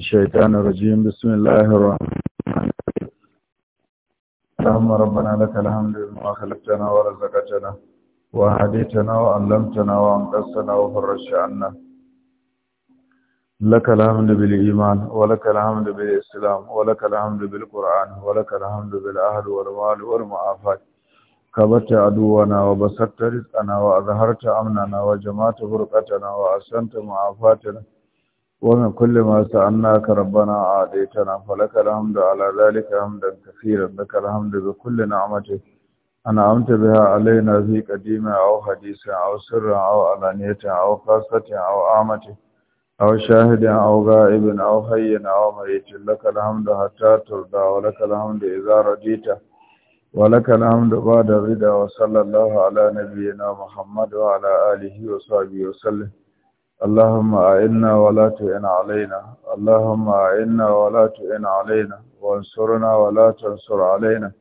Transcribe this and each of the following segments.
الشيطان الرجيم بسم الله الرحمن الرحيم اللهم ربنا لك الحمد لما خلقتنا ورزقتنا وهديتنا وعلمتنا وانقذتنا وفرجت لك الحمد بالإيمان ولك الحمد بالإسلام ولك الحمد بالقرآن ولك الحمد بالأهل والمال والمعافات كبت عدونا وبسطت رزقنا وأظهرت أمننا وجمعت فرقتنا وأحسنت معافاتنا ومن كل ما سألناك ربنا عاديتنا فلك الحمد على ذلك حمدا كثيرا لك الحمد بكل نعمتك أنعمت بها علينا في قديمة أو حديثة أو سرة أو علانية أو خاصة أو أعمة أو شاهد أو غائب أو حي أو ميت لك الحمد حتى ترضى ولك الحمد إذا رضيت ولك الحمد بعد الرضا وصلى الله على نبينا محمد وعلى آله وصحبه وسلم اللهم أعنا ولا تعن علينا اللهم أعنا ولا تعن علينا وانصرنا ولا تنصر علينا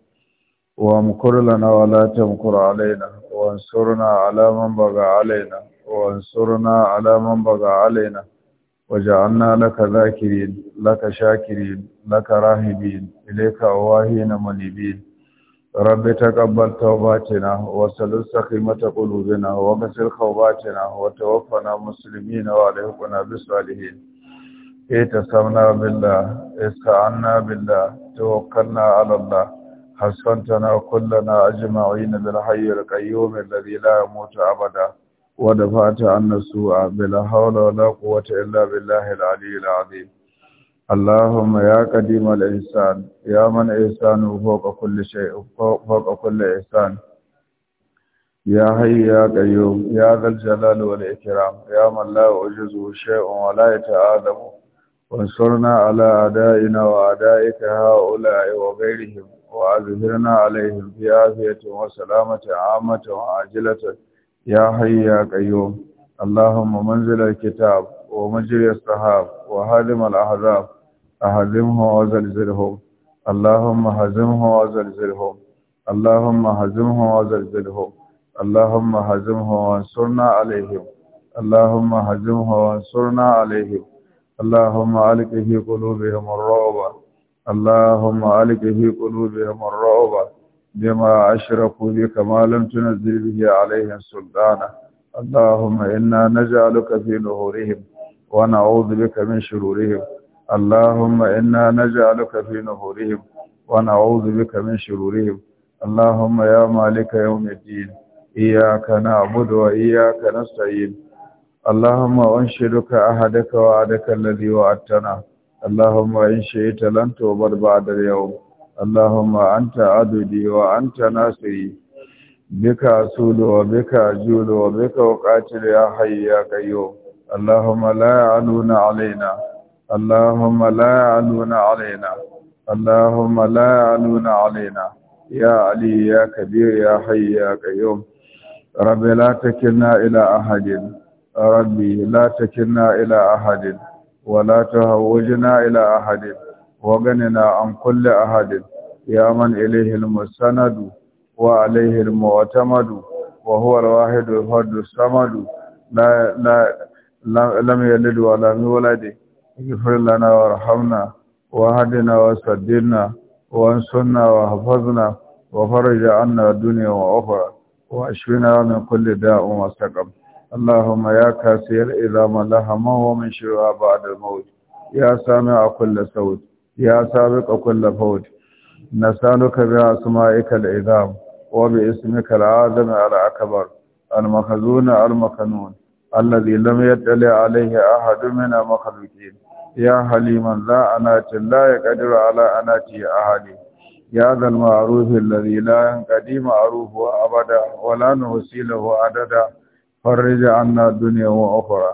وامكر لنا ولا تمكر علينا وانصرنا على من بغى علينا وانصرنا على من بغى علينا وجعلنا لك ذاكرين لك شاكرين لك راهبين إليك أواهين منيبين rabbi ta taqabbal tawbatina wa salli saqimata qulubina wa ghsil khawbatina wa tawaffana muslimina wa alihuna bisalihin itasamna billah ista'anna billah tawakkalna 'ala allah hasbuna kulluna ajma'in bil hayyil qayyum alladhi la yamutu abada wa dafa'ta an-nasu'a bil hawla wa la quwwata illa billahil 'aliyyil اللهم يا قديم الإحسان يا من إحسانه فوق كل شيء فوق كل إحسان يا حي يا قيوم يا ذا الجلال والإكرام يا من لا يعجزه شيء ولا يتآدمه وانصرنا على أعدائنا وأعدائك هؤلاء وغيرهم وأظهرنا عليهم في آفية وسلامة عامة وعاجلة يا حي يا قيوم اللهم منزل الكتاب ومجري السحاب وهادم الأحزاب أهزمهم وزلزلهم اللهم هزمهم وزلزلهم اللهم هزمهم وزلزلهم اللهم هزمهم وانصرنا عليهم اللهم هزمهم وانصرنا عليهم اللهم ألق في قلوبهم الرعب اللهم ألق في قلوبهم الرعب بما أشركوا بك ما لم تنزل به عليهم سلطانا اللهم إنا نجعلك في نهورهم ونعوذ بك من شرورهم اللهم إنا نجعلك في نحورهم ونعوذ بك من شرورهم اللهم يا مالك يوم الدين إياك نعبد وإياك نستعين اللهم أنشدك أحدك وعدك الذي وعدتنا اللهم إن شئت لن تغبر بعد اليوم اللهم أنت عددي وأنت ناصري بك أسول وبك أجول وبك أقاتل يا حي يا قيوم اللهم لا يعلون علينا اللهم لا يعلون علينا اللهم لا يعلون علينا يا علي يا كبير يا حي يا قيوم رب لا تكلنا إلى أحد ربي لا تكلنا إلى أحد ولا تهوجنا إلى أحد وغننا عن كل أحد يا من إليه المستند وعليه المعتمد وهو الواحد الفرد الصمد لا لا لم يلد ولا lam اغفر لنا وارحمنا واهدنا واسددنا وانصرنا واحفظنا وفرج عنا الدنيا واخرى واشفنا من كل داء وسقم اللهم يا كاسي العظام لها ما هو من شرها بعد الموت يا سامع كل صوت يا سابق كل فوت نسالك باسمائك العظام وباسمك العظم اكبر المخزون المكنون الذي لم يطلع عليه أحد من المخلوقين يا حليما لا أنات لا يقدر على أنات أحد يا ذا المعروف الذي لا ينقدي معروف أبدا ولا نحصي عددا فرج عنا الدنيا وأخرى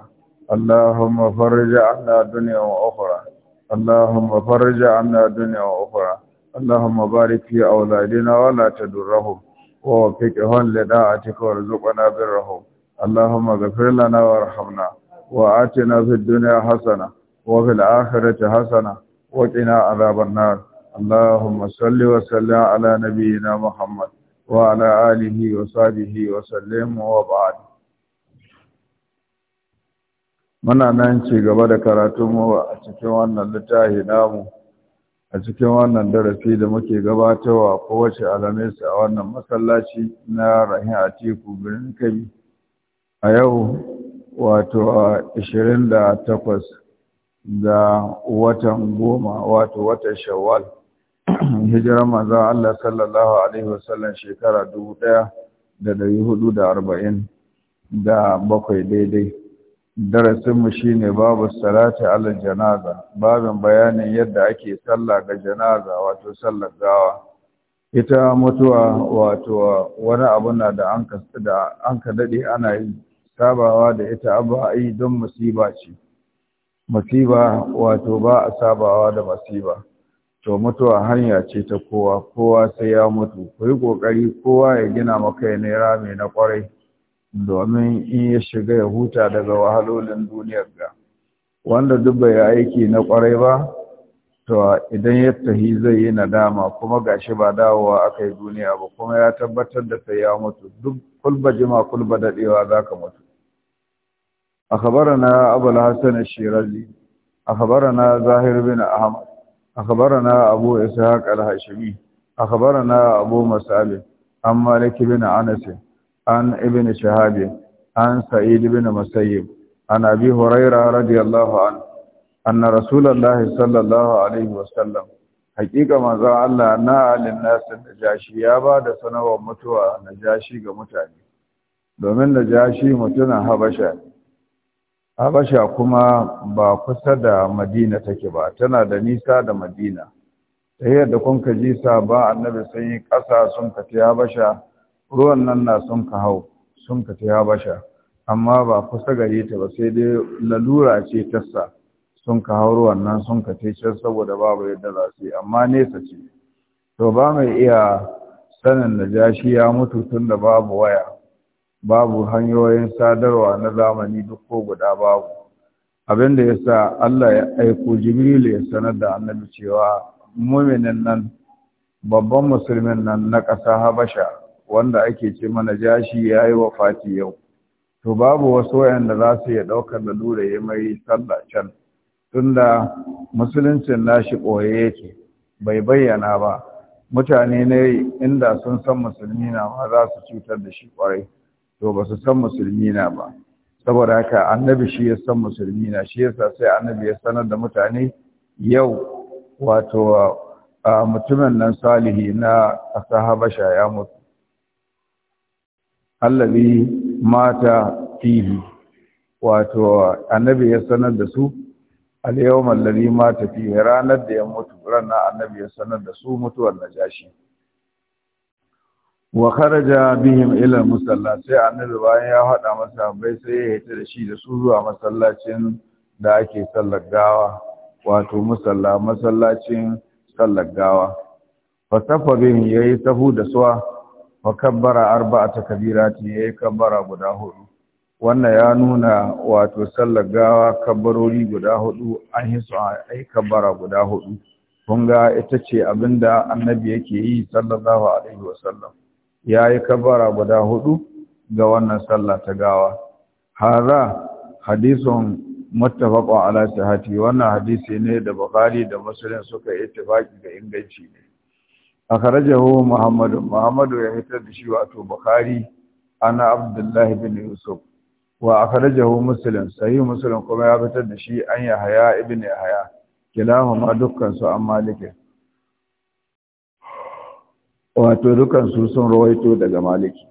اللهم فرج عنا الدنيا وأخرى اللهم فرج عنا الدنيا وأخرى اللهم بارك في أولادنا ولا تدرهم ووفقهم لداعتك وارزقنا برهم اللهم اغفر لنا وارحمنا واعطنا في الدنيا حسنه وفي الاخره حسنه واقنا عذاب النار اللهم صل وسلم على نبينا محمد وعلى اله وصحبه وسلم وبعد muna nan ci gaba da karatunmu a cikin wannan littafi namu a cikin wannan darasi da muke gabatarwa kowace alamis a wannan masallaci na rahin atiku birnin kabi a yau wato 28 ga watan goma wato watan shawwal hijirar maza Allah sallallahu Alaihi wasallam shekara 1440 da da arba'in bakwai daidai darasinmu shi ne babu salati alal janaza babin bayanin yadda ake sallah ga janaza wato sallar gawa ita mutuwa wato wani abu na da an ka daɗe ana yi sabawa da ita abba yi don masiba ce musiba wato ba a sabawa da masiba to mutuwa hanya ce ta kowa kowa sai ya mutu ku yi ƙoƙari kowa ya gina maka naira mai na ƙwarai domin in ya shiga ya huta daga wahalolin duniyar ga wanda duk bai aiki na ƙwarai ba to idan ya tahi zai yi nadama kuma ga shi ba dawowa aka yi duniya ba kuma ya tabbatar da sai ya mutu duk kulba jima kulba daɗewa za ka mutu أخبرنا أبو الحسن الشيرازي أخبرنا زاهر بن أحمد أخبرنا أبو إسحاق الهاشمي أخبرنا أبو مسعب عن مالك بن أنس عن ابن شهاب عن سعيد بن مسيب عن أبي هريرة رضي الله عنه أن رسول الله صلى الله عليه وسلم حقيقة ما Allah الله ناء للناس النجاشي يا بعد da sanarwar النجاشي كمتعني ga mutane domin هبشاني habasha kuma ba kusa da madina take ba tana da nisa da madina ta yadda kun ka ji ba annabi sun yi ƙasa sun ka ta habasha ruwan nan na sun ka hau sun ka habasha amma ba kusa gare ta ba sai dai lalura ce tassa sun ka hau ruwan nan sun ka ta saboda babu yadda za su yi amma nesa ce to ba mai iya sanin najashi ya mutu tun da babu waya babu hanyoyin sadarwa na zamani duk ko guda babu abin da sa Allah ya aiko Jibril ya sanar da Annabi cewa muminin nan babban musulmin nan na ƙasa Habasha wanda ake ce mana jashi yayi wafati yau to babu wasu wayanda za su iya ɗaukar lura ya mai sallah can tunda musuluncin nashi ɓoye yake bai bayyana ba mutane ne inda sun san musulmi na ma za su cutar da shi ƙwarai to ba su san musulmi na ba saboda haka annabi shi ya san musulmi na shi yasa sai annabi ya sanar da mutane yau wato mutumin nan salihi na ƙasa habasha ya mutu allabi mata fihi wato annabi ya sanar da su al-yawmal mata ranar da ya mutu ranar annabi ya sanar da su mutuwar najashi wa kharaja bihim ila musalla sai annabi bayan ya hada masa bai sai ya hita da shi da su zuwa masallacin da ake sallar gawa wato musalla masallacin sallar gawa fa safa bihim yayi sahu da suwa fa kabbara arba'ata kabirati yayi kabbara guda hudu wannan ya nuna wato sallar gawa kabbarori guda hudu an hisu ai kabbara guda hudu kun ga ita ce abinda annabi yake yi sallallahu alaihi wasallam ya yi kabara guda hudu ga wannan sallah ta gawa Haza hadisun muttafaqun ala Hati. wannan hadisi ne da bukari da musulun suka yi ittifaki ga inganci ne A akhrajahu muhammadu muhammadu ya hitar da shi wato bukari ana abdullahi bin yusuf wa a akhrajahu musulun, sahih musulun kuma ya fitar da shi an yahya ibn yahya kilahuma dukkan su an malikin wato dukan su sun rawaito daga maliki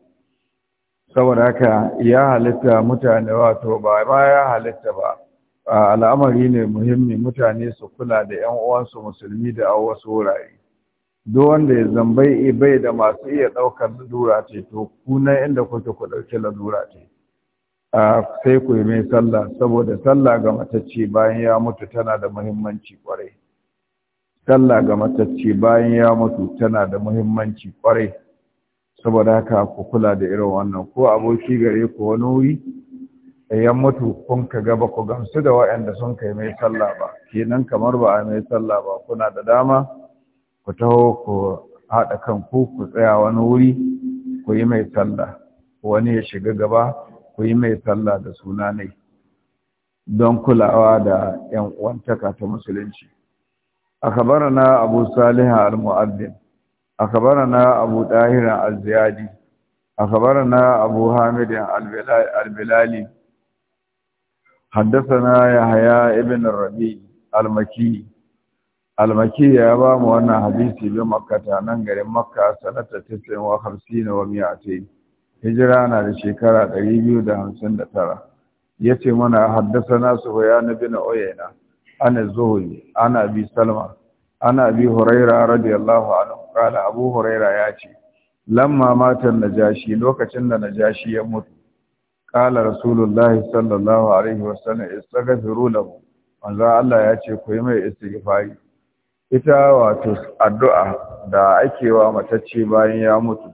saboda haka ya halitta mutane wato ba ba ya halitta ba al'amari ne muhimmi mutane su kula da yan uwansu musulmi da a wasu wurare duk wanda ya zambai bai da masu iya ɗaukar lura ce to ku na inda kuke ku ɗauki lura ce sai ku yi mai sallah saboda sallah ga matacce bayan ya mutu tana da muhimmanci kwarai sallah ga matacce bayan ya mutu tana da muhimmanci kwarai saboda haka ku kula da irin wannan ko aboki gare ku wani wuri yan mutu kun ka gaba ku gamsu da waɗanda sun kai mai sallah ba kenan kamar ba a mai sallah ba kuna da dama ku taho ku haɗa kan ku ku tsaya wani wuri ku yi mai sallah wani ya shiga gaba ku yi mai sallah da suna ne don kulawa da 'yan uwantaka ta musulunci أخبرنا أبو صالح المؤذن أخبرنا أبو طاهر الزيادي أخبرنا أبو حامد البلالي حدثنا يحيى ابن الربيع المكي المكي يا بام وانا حديثي بمكة ننجر مكة سنة 59 وخمسين 200 هجرانا لشكرة 259 يتي منا حدثنا سفيان بن عيينه ana zuhuri ana abi salma ana bi huraira radiyallahu anhu kala abu huraira ya ce lamma matan najashi lokacin da najashi ya mutu kala rasulullahi sallallahu alaihi wasallam istaghfiru lahu manzo Allah ya ce ku yi mai istighfari ita wato addu'a da ake wa matacce bayan ya mutu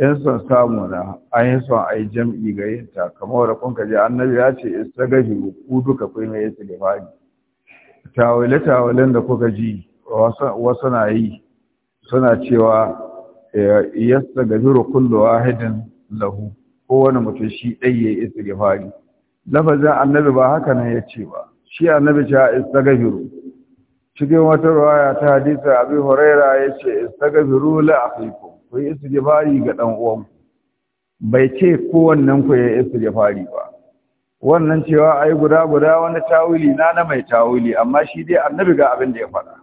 in son samu na an yi son ayi jam'i ga yinta kamar da kun kaji annabi ya ce istaghfiru ku duka ku yi mai istighfari tawale-tawalen da kuka ji wasu na yi suna cewa eh, yasta gajiru kullu wahidin lahu kowane mutum shi ɗaya ya isa gifari lafazin annabi ba haka nan ya ce ba shi annabi ce isa gafiru cikin wata ruwaya ta hadisa abin horaira ya ce isa gajiru la'afikun ku yi isa gifari ga ɗan bai ce kowannen ku ya isa gifari ba wannan cewa ai guda guda wani tawili na na mai tawili amma shi dai annabi ga abin da ya faɗa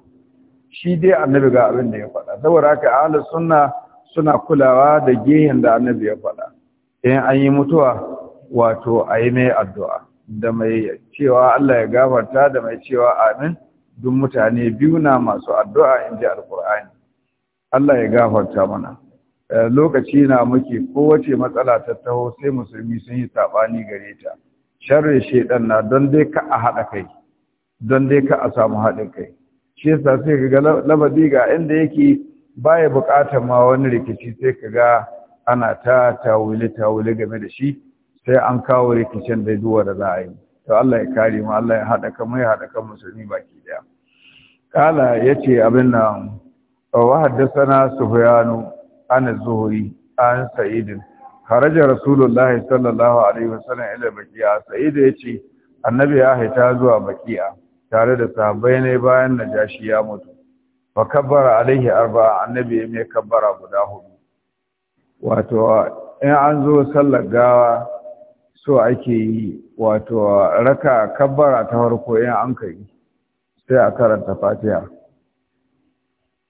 shi dai annabi ga abin da ya faɗa saboda haka ahli sunna suna kulawa da gehen da annabi ya faɗa in an yi mutuwa wato a mai addu'a da mai cewa Allah ya gafarta da mai cewa amin duk mutane biyu na masu addu'a in ji alkur'ani Allah ya gafarta mana eh, lokaci na muke kowace matsala ta taho sai musulmi sun yi saɓani gare ta sharrin shaidan na don dai ka a haɗa kai don dai ka a samu haɗin kai shi yasa sai ka ga labadi ga inda yake baya buƙatar ma wani rikici sai ka ga ana ta tawili tawili game da shi sai an kawo rikicin da duwa da za a yi to Allah ya kare mu Allah ya haɗa kan mu ya haɗa kan musulmi baki daya kala yace abin nan wa haddathana sufyanu an az-zuhri an sa'idin haraja rasulullahi sallallahu alaihi wasallam ila bakiya sa'id ya ce annabi ya haita zuwa bakiya tare da sahabbai ne bayan najashi ya mutu fa kabbara alaihi arba annabi ya mai kabbara guda hudu wato in an zo sallar gawa so ake yi wato raka kabbara ta farko in an kai sai a karanta fatiha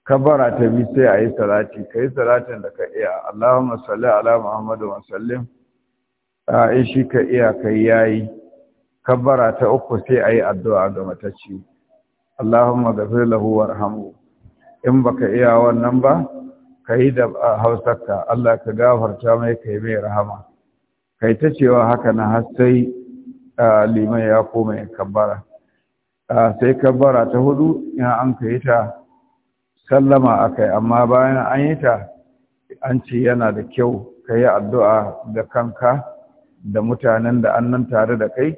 kabara ta bi sai a yi salati ka yi salatin da ka iya allahumma salli ala muhammadu wa sallim a in shi ka iya ka yayi kabara ta uku sai a yi addu'a ga matacci allahumma gafir lahu warhamhu in baka iya wannan ba ka yi da hausarka allah ka gafarta mai kai mai rahama kai ta cewa haka na har sai liman ya koma ya kabbara sai kabara ta hudu in an ka yi ta sallama a kai, amma bayan an yi ta an ce yana da kyau ka yi addu'a da kanka da mutanen da annan tare da kai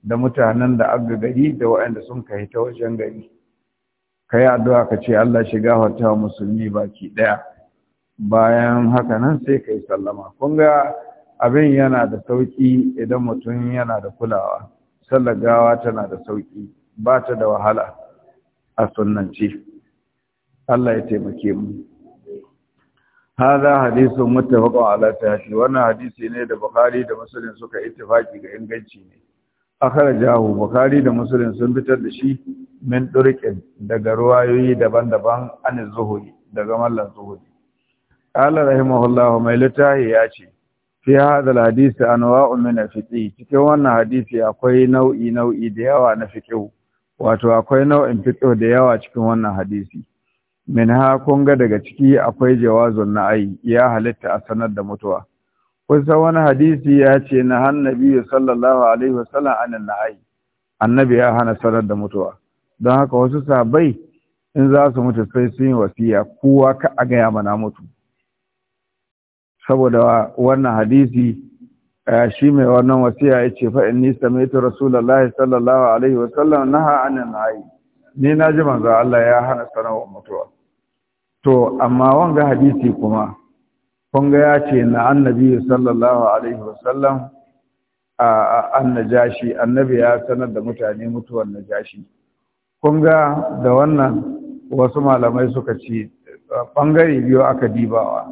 da mutanen da aga gari da waɗanda sun kai ta wajen gari ka yi addu'a ka ce Allah shiga wata musulmi baki ɗaya bayan haka nan sai ka yi sallama kun ga abin yana da sauƙi idan mutum yana da kulawa sallar gawa tana da sauƙi ba ta da wahala a sunnance. Allah ya taimake mu hada hadisin muttafaqun ala sahihi wannan hadisi ne da bukhari da muslim suka ittifaki ga inganci ne jahu, bukhari da muslim sun fitar da shi min durqin daga ruwayoyi daban-daban an zuhuri daga mallan zuhuri qala rahimahullahu mai litahi ya ce fi hadal alhadith anwa'un min alfiqh cikin wannan hadisi akwai nau'i nau'i da yawa na fiqh wato akwai nau'in fiqh da yawa cikin wannan hadisi min ha kun ga daga ciki akwai jawazun na'ai ya halitta a sanar da mutuwa kusa wani hadisi ya ce na hannabi sallallahu alaihi wasallam anan na'ai annabi ya hana sanar da mutuwa don haka wasu sabai in za su mutu sai sun yi wasiya kowa ka a gaya mana mutu saboda wannan hadisi eh, shi mai wannan wasiya ya ce fa'in nisa mai ta rasulallah sallallahu alaihi wasallam na ha'anin na'ai ni na ji manzo Allah ya hana sanarwa mutuwa to amma wanga hadisi kuma kunga ya ce na annabi sallallahu alaihi wasallam a annajashi annabi ya sanar da mutane mutuwar najashi kunga da wannan wasu malamai suka ce bangare biyu aka dibawa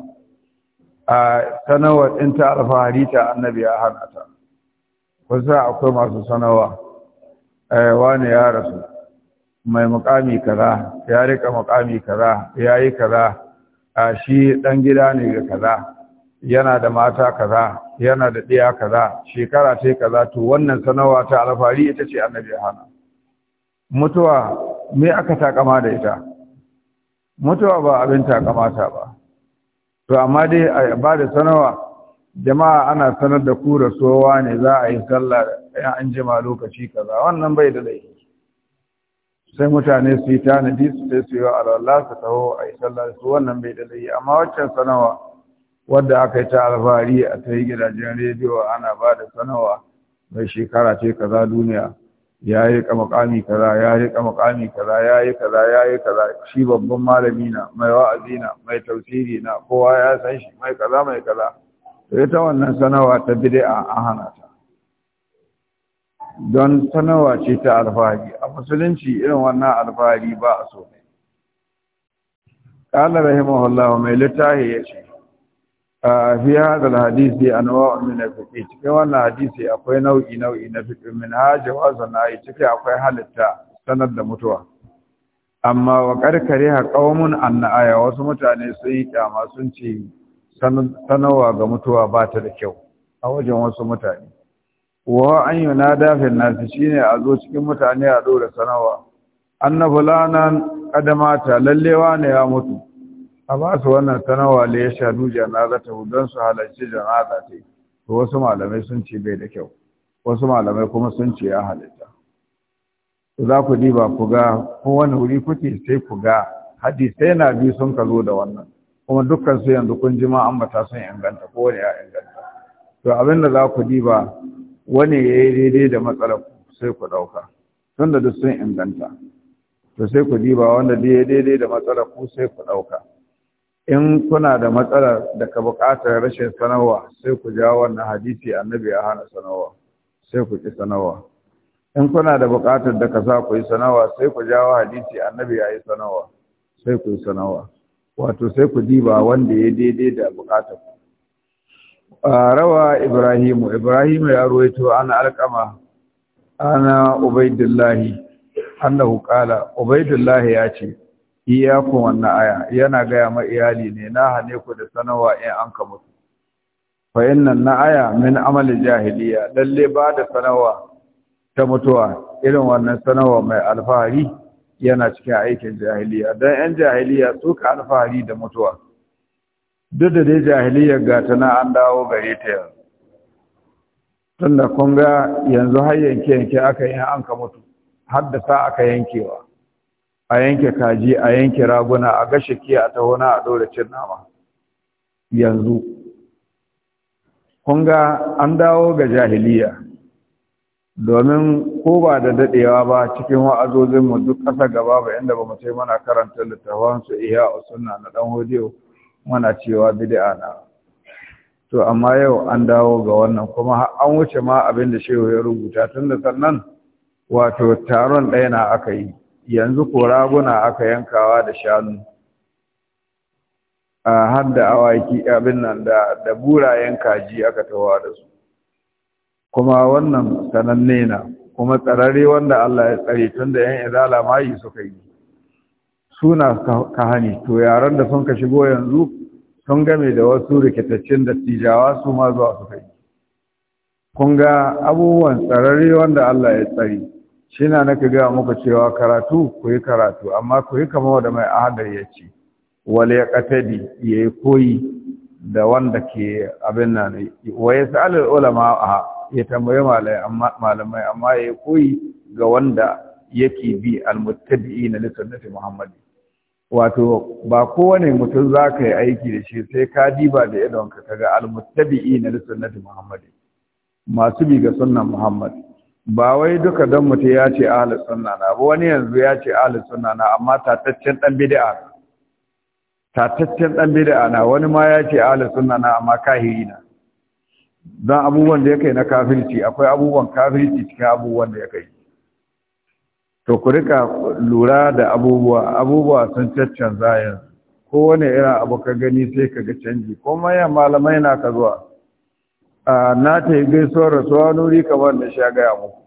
a sanawar ta alfahari ta annabi ya hana ta wasu akwai masu sanawa eh, wane ya rasu mai mukami kaza ya rika mukami kaza ya yi kaza a shi dan gida ne ga kaza yana da mata kaza yana da ɗiya kaza shekara ce kaza to wannan sanawa ta alfari ita ce annabi hana mutuwa me aka takama da ita mutuwa ba abin takamata ba to amma dai a ba da sanawa jama'a ana sanar da ku rasuwa ne za a yi sallah in an jima lokaci kaza wannan bai da laifi sai mutane su yi tanadi su sai su yi wa alwala su taho a yi sallah su wannan bai da zai yi. amma waccan sanawa wadda aka yi ta alfahari a ta yi gidajen rediyo ana ba da sanawa mai shekara ce kaza duniya ya yi makami kaza ya yi makami kaza ya yi kaza ya yi kaza shi babban malami na mai wa'azi na mai tausiri na kowa ya san shi mai kaza mai kaza sai ta wannan sanawa ta bid'a a hana ta don sanawa ce ta alfahari a musulunci irin wannan alfahari ba a so ne ƙalar rahimahullahu mai littahi ya ce a fi hadal hadisi a nawa min fiƙi cikin wannan hadisi akwai nau'i nau'i na fiƙi min hajji wasu na yi ciki akwai halitta sanar da mutuwa amma wa karkare ha ƙaumun annaya wasu mutane sun yi kyama sun ce sanarwa ga mutuwa ba ta da kyau a wajen wasu mutane wa an yunada fil shi shine a zo cikin mutane a dora sanawa anna fulanan kadamata lallewa ne ya mutu a ba su wannan sanawa da ya shadu ta don su halarci janaza ta to wasu malamai sun ce bai da kyau wasu malamai kuma sun ce ya halitta za ku diba ku ga Wani wuri kuke sai ku ga hadisai na biyu sun ka da wannan kuma dukkan su yanzu kun ji ma an bata sun inganta wani ya inganta to abinda za ku diba wani ya yi daidai da matsalar ku sai ku ɗauka tun da duk sun inganta to sai ku diba wanda da ya daidai da matsalar ku sai ku ɗauka in kuna da matsalar da ka buƙatar rashin sanarwa sai ku jawo wannan hadisi annabi ya hana sanarwa sai ku ki sanarwa in kuna da buƙatar da ka sa ku yi sanarwa sai ku jawo hadisi annabi ya yi sanarwa sai ku yi sanarwa wato sai ku diba wanda ya daidai da buƙatar ku rawa ibrahimu ibrahimu ya ruwaito ana alkama ana ubaidullahi annahu qala ubaidullahi ya ce iyakun wannan aya yana gaya ma iyali ne na hane ku da sanawa in an ka mutu fa na aya min amali jahiliya lalle ba da sanawa ta mutuwa irin wannan sanawa mai alfahari yana cikin aikin jahiliya dan yan jahiliya su ka alfahari da mutuwa duk da dai jahiliyar gata na an dawo gare ta yanzu tun kun ga yanzu har yanke yanke aka yi an ka mutu har da sa aka yankewa a yanke kaji a yanke raguna a gashe kiya a tahona a ɗora cin nama yanzu kun ga an dawo ga jahiliya domin ko ba da daɗewa ba cikin wa'azozinmu duk ƙasa gaba ba inda ba mu sai mana karanta su iya sunna na ɗan hodiyo muna cewa bid'a na to amma yau an dawo ga wannan kuma an wuce ma abin da shehu ya rubuta tun da sannan wato taron ɗaya na aka yi yanzu ko raguna aka yankawa da shanu a har da awaki abin nan da da burayen kaji aka tawa da su kuma wannan sananne na kuma tsararre wanda Allah ya tsare tun da yan izala mayi suka yi suna ka hani to yaran da sun ka shigo yanzu sun game da wasu rikitaccen dattijawa su ma zuwa su kai kun ga abubuwan tsararri wanda Allah ya tsari shi na naka gaya muka cewa karatu ku yi karatu amma ku yi kama da mai ahadar ya ce wale ya katadi ya yi koyi da wanda ke abin nan wa ya sa'alar ulama a ya tambaye malamai amma ya yi koyi ga wanda yake bi almuttabi'i na lissunnati muhammadi wato ba kowane mutum za ka yi aiki da shi sai ka diba da idonka ta ga almuttabi'i na sunnati muhammad masu bi ga sunnan muhammad ba wai duka don mutum ya ce ahli sunna na ba wani yanzu ya ce ahli sunna na amma tataccen dan bid'a tataccen dan bid'a na wani ma ya ce ahli sunna na amma kahiri na dan abubuwan da ya kai na kafirci akwai abubuwan kafirci cikin abubuwan da ya kai to ku rika lura da abubuwa abubuwa sun caccanza yanzu kowane irin abu ka gani sai ka ga canji kuma yan malamai na ka zuwa a na ta yi gaisuwar rasuwa nuri kamar da sha gaya muku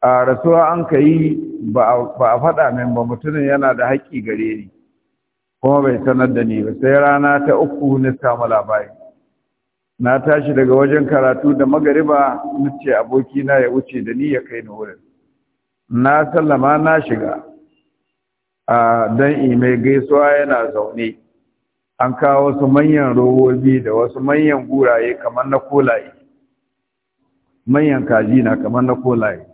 a rasuwa an ka yi ba a faɗa min ba mutumin yana da haƙƙi gare ni kuma bai sanar da ni ba sai rana ta uku na samu labari na tashi daga wajen karatu da magariba nace ce abokina ya wuce da ni ya kai ni wurin na sallama na shiga a dan mai gaisuwa yana zaune an kawo wasu manyan robobi da wasu manyan guraye kamar na kolaye manyan kaji na kamar na kolaye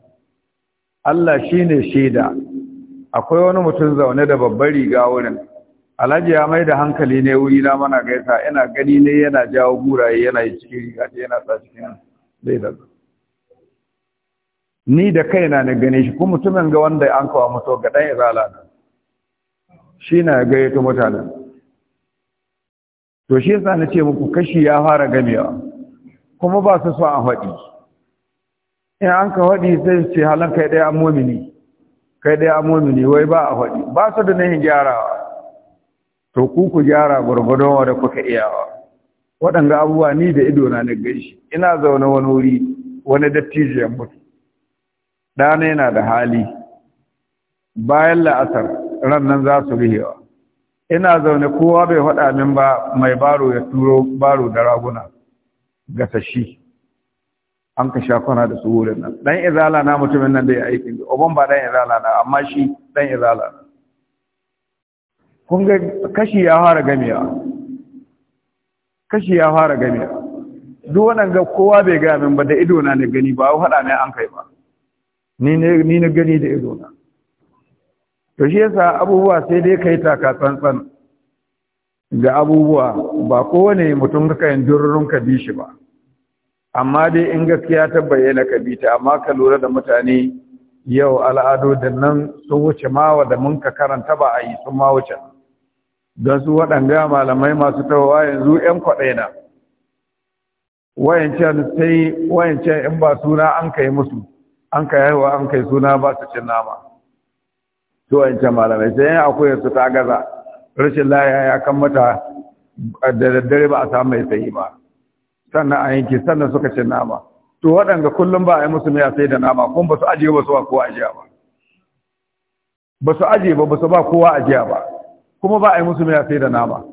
Allah shine shaida akwai wani mutum zaune da babbar riga wurin Alhaji ya mai da hankali ne wuri na mana gaisa ina gani ne yana jawo guraye yana yi cikin riga yana sa cikin zai daga ni da kaina na gane shi kuma mutumin ga wanda an kawo mutu ga ɗan izala na shi na ta mutanen to shi yasa na ce muku kashi ya fara gamewa kuma ba su so an haɗi in an ka haɗi sai ce halin kai ɗaya momini kai ɗaya momini wai ba a haɗi ba su da nahin gyarawa to ku ku gyara gwargwadon wa da kuka iyawa waɗanga abubuwa ni da ido na na gaishe ina zaune wani wuri wani dattijiyar ya mutu ɗana yana da hali bayan la'asar rannan za su rihewa ina zaune kowa bai faɗa min ba mai baro ya turo baro da raguna gasashi an ka shakwana da su wurin nan dan izala na mutumin nan da ya aikin obon ba dan izala na amma shi dan izala na kun ga kashi ya fara gamewa kashi ya fara gamewa duk wannan ga kowa bai ga min ba da ido na ne gani ba a faɗa mai an kai ba ni na gani da ido na to shi yasa abubuwa sai dai kai taka tsantsan ga abubuwa ba kowane mutum ka yin dururun ka bi shi ba amma dai in gaskiya ta bayyana ka bi ta amma ka lura da mutane yau al'adu da nan sun wuce mawa da mun ka karanta ba a yi sun ma wuce don su waɗanga malamai masu tawawa yanzu 'yan kwaɗai na wayancan sai wayancan in ba suna an kai musu an ka yawa an kai suna ba su cin nama to an ce malamai sai yan akwai su ta gaza rashin laya ya kan mata da daddare ba a samu mai sayi ba sannan an yanki sannan suka cin nama to waɗanda kullum ba a yi musu miya sai da nama kun ba su ajiye ba su ba kowa ajiya ba ba su ajiye ba ba su ba kowa ajiya ba kuma ba a yi musu miya sai da nama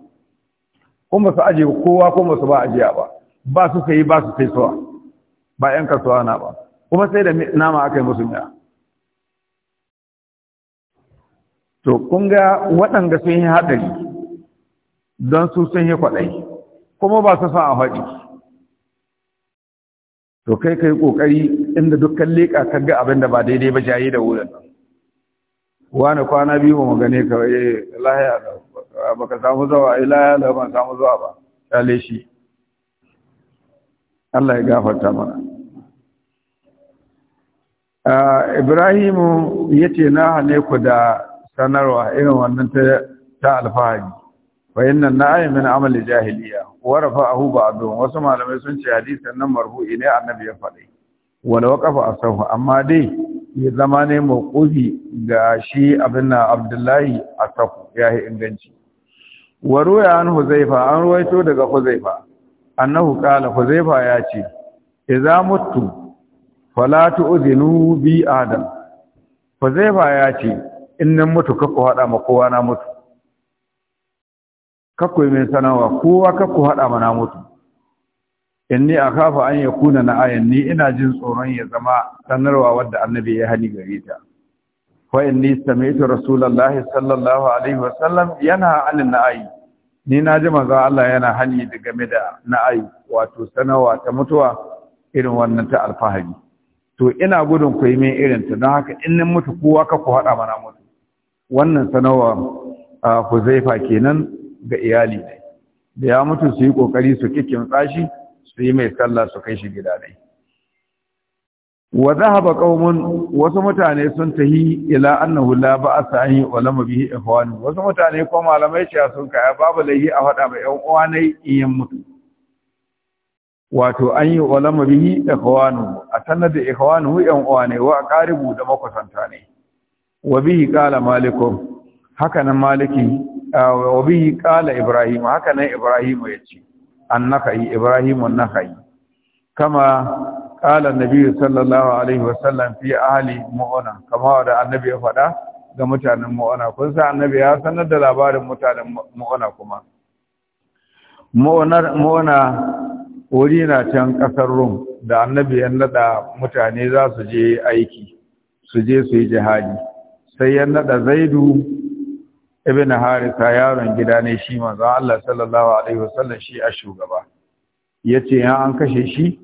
kun ba su ajiye kowa kuma ba su ba ajiya ba ba su sayi ba su sai suwa ba 'yan kasuwa na ba kuma sai da nama aka yi musu miya to kun ga waɗanda sun yi haɗari don su sun yi kwaɗai kuma ba su sa a haɗi to kai kai ƙoƙari inda dukkan leƙa ka ga abin da ba daidai ba jaye da wurin wani kwana biyu mu gane ka eh lahiya ba ka samu zawa eh lahiya da ba samu zawa ba kyale shi Allah ya gafarta mana ibrahimu ya ce na hane ku da sanarwa irin wannan ta alfahari wa na na'ayi min amalin jahiliya wa rafa'ahu abin. wasu malamai sun ce hadisan nan marhu ne annabi ya faɗi wala a sauhu, amma dai ya zama ne mawqufi ga shi abin na abdullahi sauhu ya yi inganci wa ruya an huzaifa an ruwaito daga huzaifa annahu qala huzaifa ya ce Iza mutu fala tu'zinu bi adam ba ya ce in nan mutu ka ku hada ma kowa na mutu ka ku min sanawa kowa ka ku hada ma na mutu inni akhafa an yakuna na ayan ni ina jin tsoron ya zama sanarwa wadda annabi ya hani gare ta fa inni sami'tu rasulullahi sallallahu alaihi wa sallam yana anin na'ayi ni na ji manzo Allah yana hani game da na'ayi wato sanawa ta mutuwa irin wannan ta alfahari to ina gudun ku yi min irin ta don haka in nan mutu kowa ka ku haɗa mana mutu wannan sanarwa huzaifa kenan ga iyali ne da ya mutu su yi ƙoƙari su kikin tsashi su yi mai sallah su kai shi gida ne wa zahaba qaumun wasu mutane sun tahi ila annahu la ba'sa an yu'lamu bihi ihwan wasu mutane ko malamai ce sun kai babu laihi a hada ba ƴan uwa ne in mutu wato an yi ulama bihi ikhwanu a sanar da ikhwanu yan uwa ne wa qaribu da makusanta ne wa bihi qala malikum haka nan maliki wa bihi qala ibrahim haka nan ibrahim yace annaka'i ibrahim annaka'i kama qala annabi sallallahu alaihi wasallam fi ahli mu'ana kama da annabi ya faɗa ga mutanen mu'ana kun sa annabi ya sanar da labarin mutanen mu'ana kuma mu'ana wuri na can ƙasar rum da annabi ya naɗa mutane za su je aiki su je su yi jihadi sai ya naɗa zaidu ibn harisa yaron gida ne shi manzon Allah sallallahu alaihi wasallam shi a shugaba yace ya an kashe shi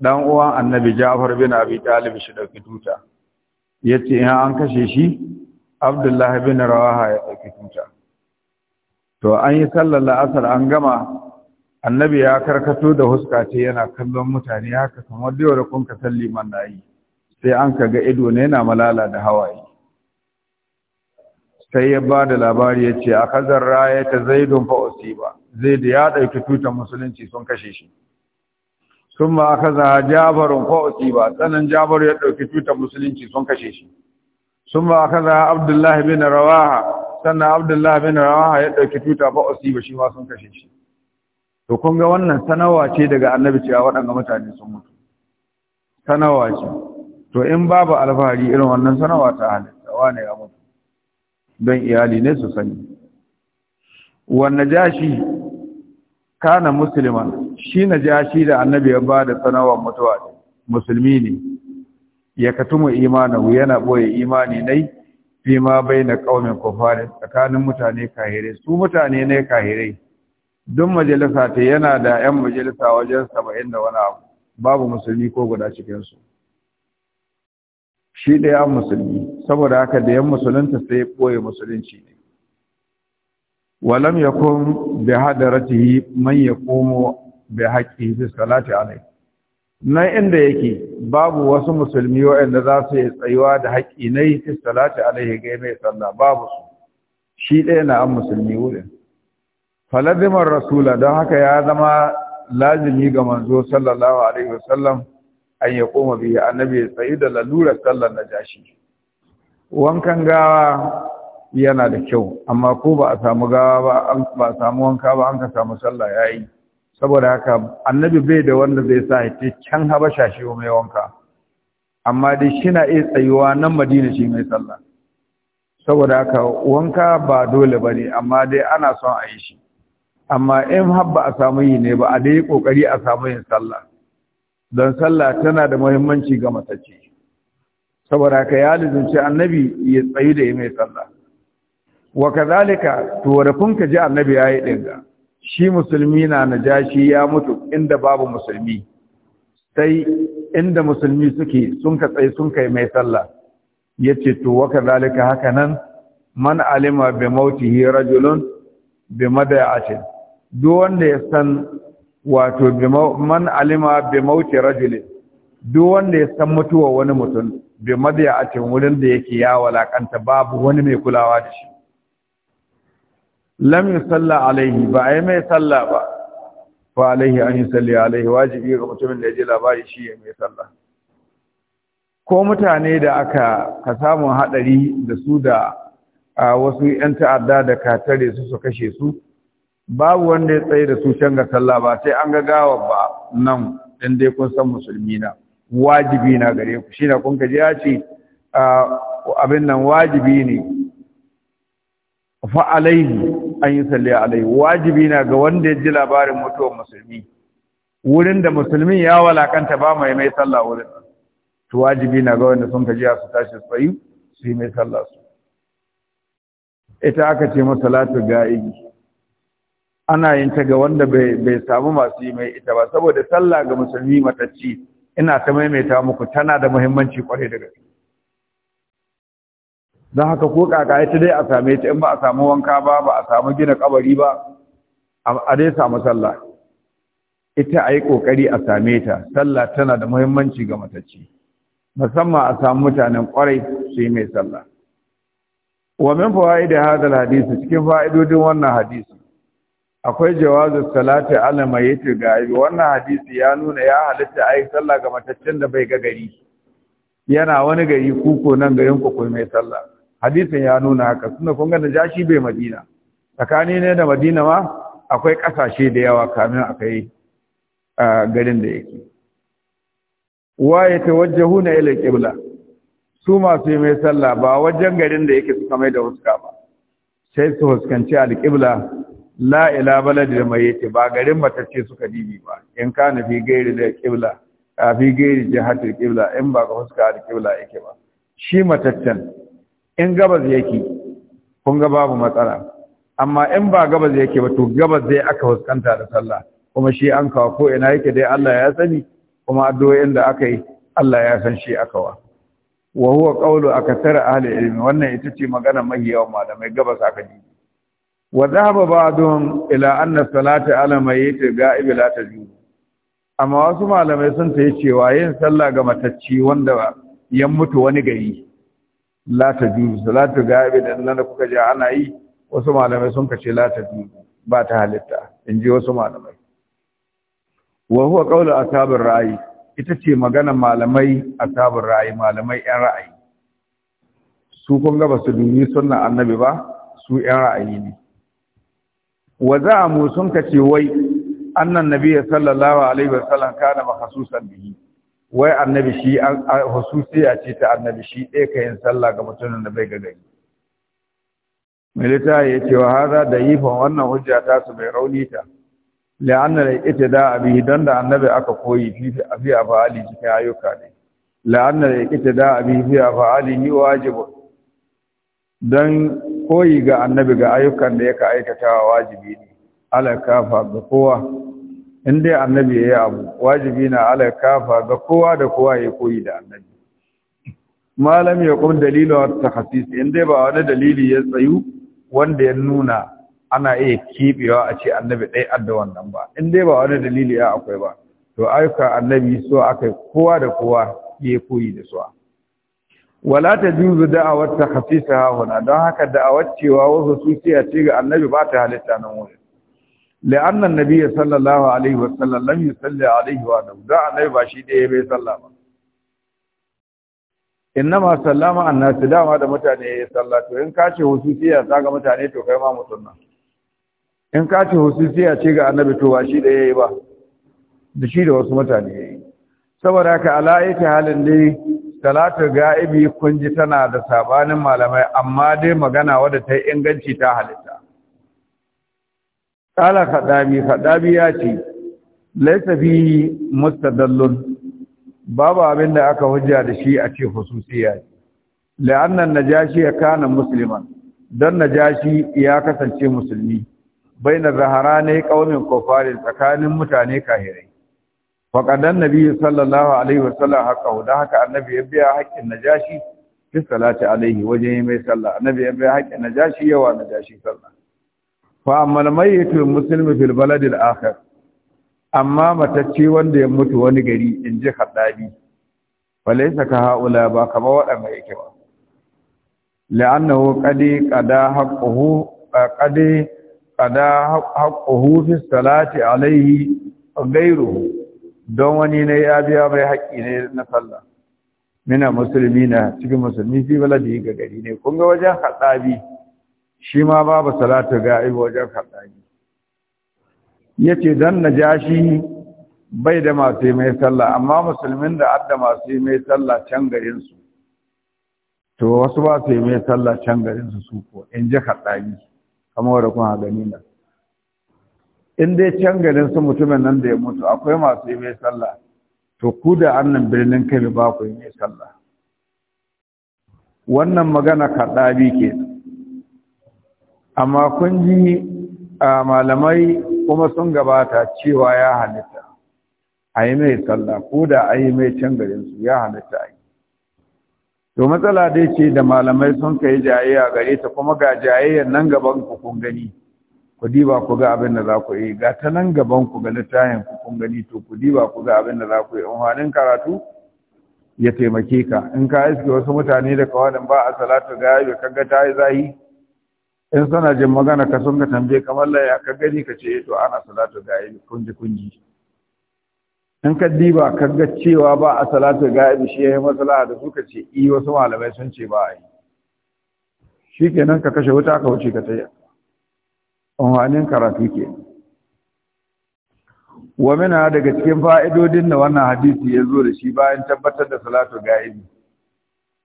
dan uwan annabi Ja'far bin Abi Talib shi dauki tuta yace ya an kashe shi Abdullah bin Rawaha ya dauki tuta to an yi sallar la'asar an gama annabi ya karkato da huska ce yana kallon mutane haka kamar da yau kun ka san liman na yi sai an ka ga ido ne yana malala da hawaye sai ya ba da labari ya ce a kazar raya ta zaidun fa usiba da ya ɗauki tutar musulunci sun kashe shi sun ma aka za jabarun fa usiba tsanan jabaru ya ɗauki tutar musulunci sun kashe shi sun ma aka za abdullahi bin rawaha sannan abdullahi bin rawaha ya ɗauki tuta fa usiba shi ma sun kashe shi to kun ga wannan sanawa ce daga annabi cewa waɗanda mutane sun mutu sanawa ce to in babu alfahari irin wannan sanawa ta halitta wane ya mutu don iyali ne su sani Wanne jashi kana musulman shi na jashi da annabi ya ba da sanawa mutuwa musulmi ne ya imana imanahu yana boye imani nai fi ma bai na ƙaumin kofarin. tsakanin mutane kahirai su mutane ne kahirai duk majalisa ta yana da 'yan majalisa wajen saba'in da wani abu babu musulmi ko guda cikinsu shi ɗaya musulmi saboda haka da 'yan musulunta sai ɓoye musulunci ne walam ya kun bi hadaratihi man ya komo bi haƙƙi fi salati alai nan inda yake babu wasu musulmi waɗanda za su yi tsayuwa da haƙƙi na yi fi salati alai ga mai sallah babu su shi ɗaya na an musulmi wurin faladimar rasula don haka ya zama lazimi ga manzo sallallahu alaihi wasallam an ya koma biyu annabi ya tsayi da lalurar sallar najashi wankan gawa yana da kyau amma ko ba a samu gawa ba ba a samu wanka ba an ka samu sallah yayi saboda haka annabi bai da wanda zai sa ya can habasha shi mai wanka amma dai shi na iya tsayuwa nan madina shi mai sallah saboda haka wanka ba dole bane amma dai ana son a yi shi amma in habba a samu yi ne ba a dai kokari a samu yin sallah don sallah tana da muhimmanci ga matacce saboda ka ya lizunci annabi ya tsayi da yin mai sallah wa kazalika to da kun ka ji annabi ya yi dinga shi musulmi na najashi ya mutu inda babu musulmi sai inda musulmi suke sun ka tsaye sun kai mai sallah yace to wa kazalika haka nan man alima bi mautihi rajulun bi mada'atin duk wanda ya san wato man alima bi mauti rajulin duk wanda ya san mutuwa wani mutum bi madiya a cikin wurin da yake ya walakanta babu wani mai kulawa da shi lam yusalla alaihi ba ai mai salla ba fa alaihi an yusalli alaihi wajibi ga mutumin da ya ji labari shi ya mai salla ko mutane da aka ka samu hadari da su da wasu yan ta'adda da katare su su kashe su babu wanda ya tsaye da su can ga sallah ba sai an ga gawa ba nan dan dai kun san musulmi na wajibi na gare ku shi na kun ji ya ce abin nan wajibi ne fa alaihi an yi salli alaihi wajibi na ga wanda ya ji labarin mutuwar musulmi wurin da musulmi ya walakanta ba mai mai sallah wurin to wajibi na ga wanda sun ka ji su tashi su tsayi su yi mai sallah su ita aka ce masalatu ga'ibi ana yin ta ga wanda bai samu masu yi mai ita ba saboda sallah ga musulmi matacci ina ta maimaita muku tana da muhimmanci kwarai da gaske don haka ko kaka ita dai a same ta in ba a samu wanka ba ba a samu gina kabari ba a dai samu sallah ita a yi kokari a same ta sallah tana da muhimmanci ga matacci musamman a samu mutanen kwarai su yi mai sallah wa min fawaid hadha hadisi cikin fa'idodin wannan hadisi akwai jawazu salati ala ga gaibi wannan hadisi ya nuna ya halitta ai sallah ga mataccen da bai ga gari yana wani gari kuko nan garin ku mai sallah hadisin ya nuna haka suna kun ga najashi bai madina tsakani ne da madina ma akwai kasashe da yawa kamin akai garin da yake wa yatawajjahuna ila qibla su masu mai sallah ba wajen garin da yake suka mai da huska ba sai su huskanci qibla la ila da mai yake ba garin matacce suka dibi ba in ka nufi gairi da kibla a fi gairi jihatul kibla in ba ka fuska da kibla yake ba shi mataccen in gabas yake kun ga babu matsala amma in ba gabas yake ba to gabas zai aka huskanta da sallah kuma shi an kawo ko ina yake dai Allah ya sani kuma addu'o'in da aka yi Allah ya san shi aka wa wa huwa qawlu akathar ahli ilmi wannan ita ce magana yawa malamai gabas aka dibi wa dhahaba ba'dhum ila anna salata ala mayyit ga'ib la tajuz amma wasu malamai sun ta cewa yin sallah ga matacci wanda ya mutu wani gari la tajuz salatu ga'ib dan nan kuka ji ana yi wasu malamai sun kace la tajuz ba ta halitta In ji wasu malamai wa huwa qawlu ashabir ra'i ita ce magana malamai ashabir ra'i malamai yan ra'ayi su kun ga ba su dubi sunna annabi ba su yan ra'ayi ne wa za'amu sun kace wai annan nabiyyi sallallahu alaihi wasallam kana mahsusan bihi wai annabi shi hususi a ce ta annabi shi ɗaya ka yin sallah ga mutumin da bai ga gari milita ya ce wa haza da yifan wannan hujja ta su bai rauni ta la'anna da ita da abi don da annabi aka koyi fi a fi a fa'ali cikin ayyuka ne la'anna da ita da abi fi a fa'ali ni wajibu don koyi ga annabi ga ayyukan da yake aikatawa wajibi ne ala kafa ga kowa in dai annabi ya yi abu wajibi na ala kafa ga kowa da kowa ya koyi da annabi malam ya kuma dalilin takhassis in dai ba wani dalili ya tsayu wanda ya nuna ana iya kebewa a ce annabi dai adda wannan ba in dai ba wani dalili ya akwai ba to ayyuka annabi so akai kowa da kowa ya koyi da su wala ta juzu da'awar ta hafisa hauna don haka da'awar cewa wasu suciya ce ga annabi ba ta halitta nan wuri la'anna nabiyyi sallallahu alaihi sallam lam yusalli alaihi wa sallam da annabi ba shi ya bai sallah ba innama sallama annasu dama da mutane ya salla to in ka ce sai a ga mutane to kai ma musulma in ka ce hususiya ce ga annabi to ba shi ya yi ba da shi da wasu mutane yi saboda haka ala'ika halin dai Talatu ga'ibi kun ji tana da sabanin malamai amma dai magana wadda ta yi inganci ta halitta. Kala kaɗabi, kaɗabi ya ce, Laisa fi mustadallun babu abin da aka hujja da shi a ce hususiya. La'annan najashi ya kana musulman, don najashi ya kasance musulmi, bai na zahara ne ƙaunin kofarin tsakanin mutane kahirai. faƙadan nabi sallallahu alaihi wasallam haƙa da haka annabi ya biya haƙƙin najashi fi salati alaihi wajen yi mai sallah annabi ya biya haƙƙin najashi yawa najashi sallah fa amma mayyitul muslimi fil baladil akhir amma matacce wanda ya mutu wani gari in ji haddadi falaysa ka haula ba kama waɗanda yake ba la'annahu qad qada haqquhu qad qada haqquhu fi salati alaihi ghayruhu don wani ne ya biya mai haƙƙi ne na sallah mina musulmi na cikin musulmi fi baladi ga gari ne kun ga wajen haɗabi shi ma babu salatu ga'ib wajen haɗabi na ja shi bai da masu mai sallah amma musulmin da adda masu mai sallah can garinsu to wasu ba su yi mai sallah can garinsu su su ko in ji haɗabi kamar wadda kuma gani na. in dai can garin su mutumin nan da ya mutu akwai masu yi mai sallah to ku da annan birnin kai ba ku yi mai sallah wannan magana kaɗabi ke amma kun ji a malamai kuma sun gabata cewa ya halitta a yi mai sallah ko da a yi mai can su ya halitta a yi to matsala dai ce da malamai sun kai jayayya gare ta kuma ga jayayyar nan gaban ku kun gani ku diba ku ga abin da za ku yi ga ta nan gaban ku ga littafin ku kun gani to ku diba ku ga abin da za ku yi in karatu ya taimake ka in ka iske wasu mutane da kawalin ba a salatu ga yabe kaga ta yi zahi in sana jin magana ka sun ka tambaye kamar laya ka gani ka ce eh, to ana salatu ga yabe kunji kunji in ka diba ga cewa ba a salatu ga yabe shi ya yi maslaha da suka ce i eh, wasu malamai sun ce ba a yi shikenan ka kashe wuta ka wuce ka tayar umarnin karatu ke wa daga cikin fa'idodin da wannan hadisi ya zo da shi bayan tabbatar da salatu ga'ibi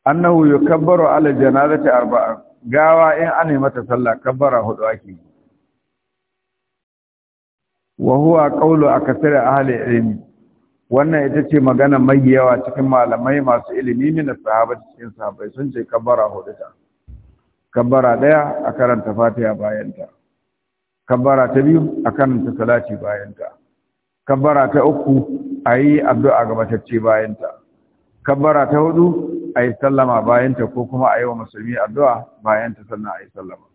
annahu yukabbaru ala janazati arba'a gawa in an yi mata sallah kabbara hudu ake yi wa huwa qawlu akthar ahli ilmi wannan ita ce magana mai yawa cikin malamai masu ilimi ne na sahaba cikin sahabbai sun ce kabbara hudu ta kabbara daya a karanta fatiha bayan ta kabbara ta biyu a ta salati bayanta kabbara ta uku a yi addu'a gabatacce bayanta kabbara ta hudu a yi sallama bayanta ko kuma a yi wa musulmi addu'a bayanta sannan a yi sallama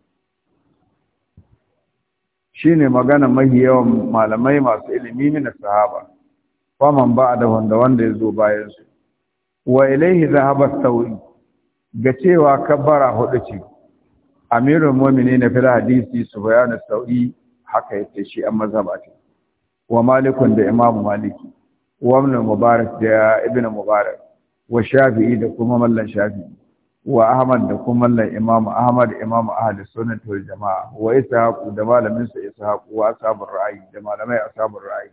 shi ne magana mahi yawan malamai masu ilimi na sahaba man ba da wanda wanda ya zo bayansu wa ilaihi zahabar tawi ga cewa kabbara hudu ce amirul mu'minin na fi hadisi su subyan saui haka yace shi an mazhaba ta. wa malikun da imam maliki wa ibn mubarak da ibn mubarak wa shafi'i da kuma mallan shafi'i wa ahmad da kuma mallan imam ahmad imam ahli sunnah wal jamaa wa ishaq da malamin sa ishaq wa sabur ra'i da malamai asabur ra'i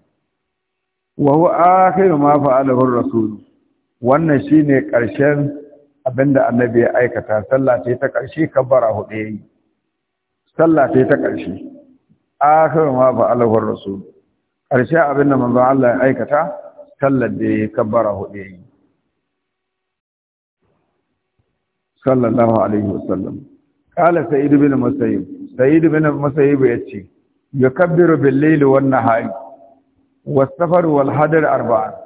wa huwa akhiru ma fa'alahu rasul wannan shine karshen abinda annabi ya aikata sallah ta ta ƙarshe kabbara hudu yayi sallah ta ta ƙarshe akhir ma fa alawar rasul ƙarshe abinda manzo Allah ya aikata sallar da ya kabbara hudu yayi sallallahu alaihi wasallam qala sa'id bin musayyib sa'id bin musayyib yace yakabbiru bil layli wan nahari was safar wal hadar arba'an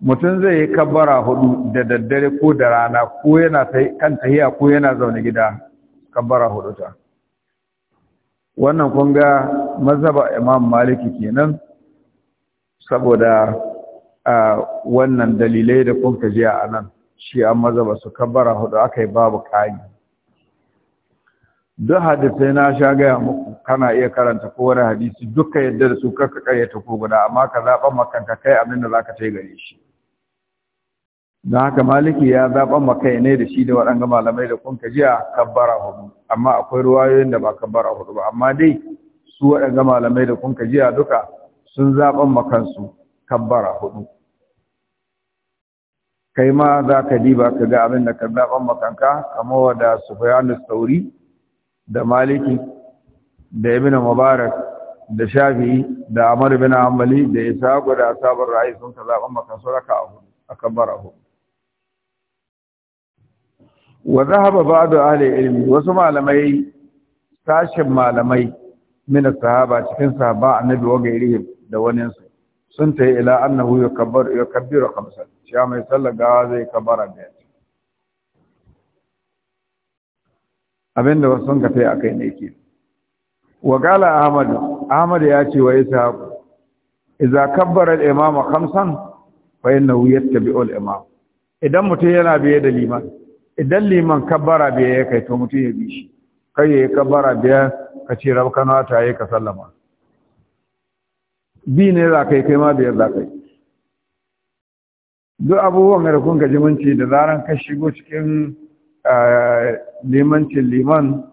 mutum zai yi kabbara hudu da daddare ko da rana ko yana kan tahiya ko yana zaune gida kabbara hudu ta wannan kun ga mazhaba imam maliki kenan saboda wannan dalilai da kun ka jiya a nan shi an mazhaba su kabbara hudu aka yi babu kayi duk hadisai na sha gaya muku kana iya karanta kowane hadisi duka yadda da su kaka karyata ko guda amma ka zaɓa makanka kai abin da za ka tai gare shi don haka maliki ya zaɓa makai ne da shi da waɗanga malamai da kunka jiya kabbara hudu amma akwai ruwayoyin da ba kabbara hudu ba amma dai su waɗanga malamai da kunka jiya duka sun zaɓan makansu kabbara hudu kai ma za ka diba ka ga abin da ka zaɓan makanka kamar wada sufyanu sauri da maliki da ibn mubarak da Shafi, da amar bin hanbali da isa da sabon rayu sun ka zaɓan makansu raka a hudu a kabbara hudu wa zahaba ba'du ahli ilmi wasu malamai sashin malamai min sahaba cikin sahaba annabi wa gairihim da wanin su sun ta ila annahu yakabbar yakabbiru khamsan cewa mai sallar gawa zai kabara biyar abinda wasu sun kafe akai ne ke wa gala ahmad ahmad ya ce wa isa idza kabbara al-imam khamsan fa innahu yattabi'u al-imam idan mutum yana biye da liman idan liman kabbara biya ya kai to mutum ya bi shi kai ya kabbara biya ka ce rabkana ta yi ka sallama bi ne za kai kai ma biyar za kai duk abubuwan da kun gaji minci da zaran ka shigo cikin eh, limancin liman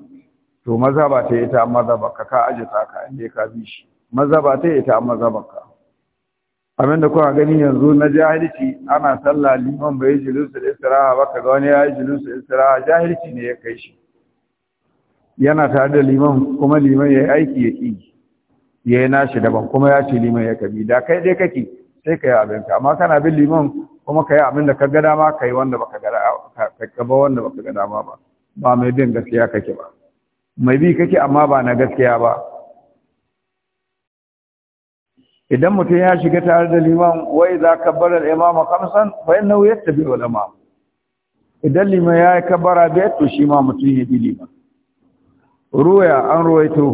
to maza ba ta yi ta maza ba ka ka aje ta ka inda ka bi shi maza ba ta yi ta maza ba ka Amin da kuka gani yanzu na jahilci ana sallah liman bai julusu istiraha ba kaga wani ya yi julusu istiraha jahilci ne ya kai shi yana tare da liman kuma liman ya yi aiki ya ki ya yi nashi daban kuma ya ce liman ya kabi da kai dai kake sai ka yi abinka amma kana bin liman kuma ka yi abin da ka ga dama ka yi wanda baka ga dama wanda baka ga dama ba ba mai bin gaskiya kake ba mai bi kake amma ba na gaskiya ba idan mutum ya shiga tare da liman wai za ka bar al'imama kamsan bayan nau ya tafi lama idan liman ya yi kabara biyar to shi ma mutum ya bi liman ruwaya an ruwaito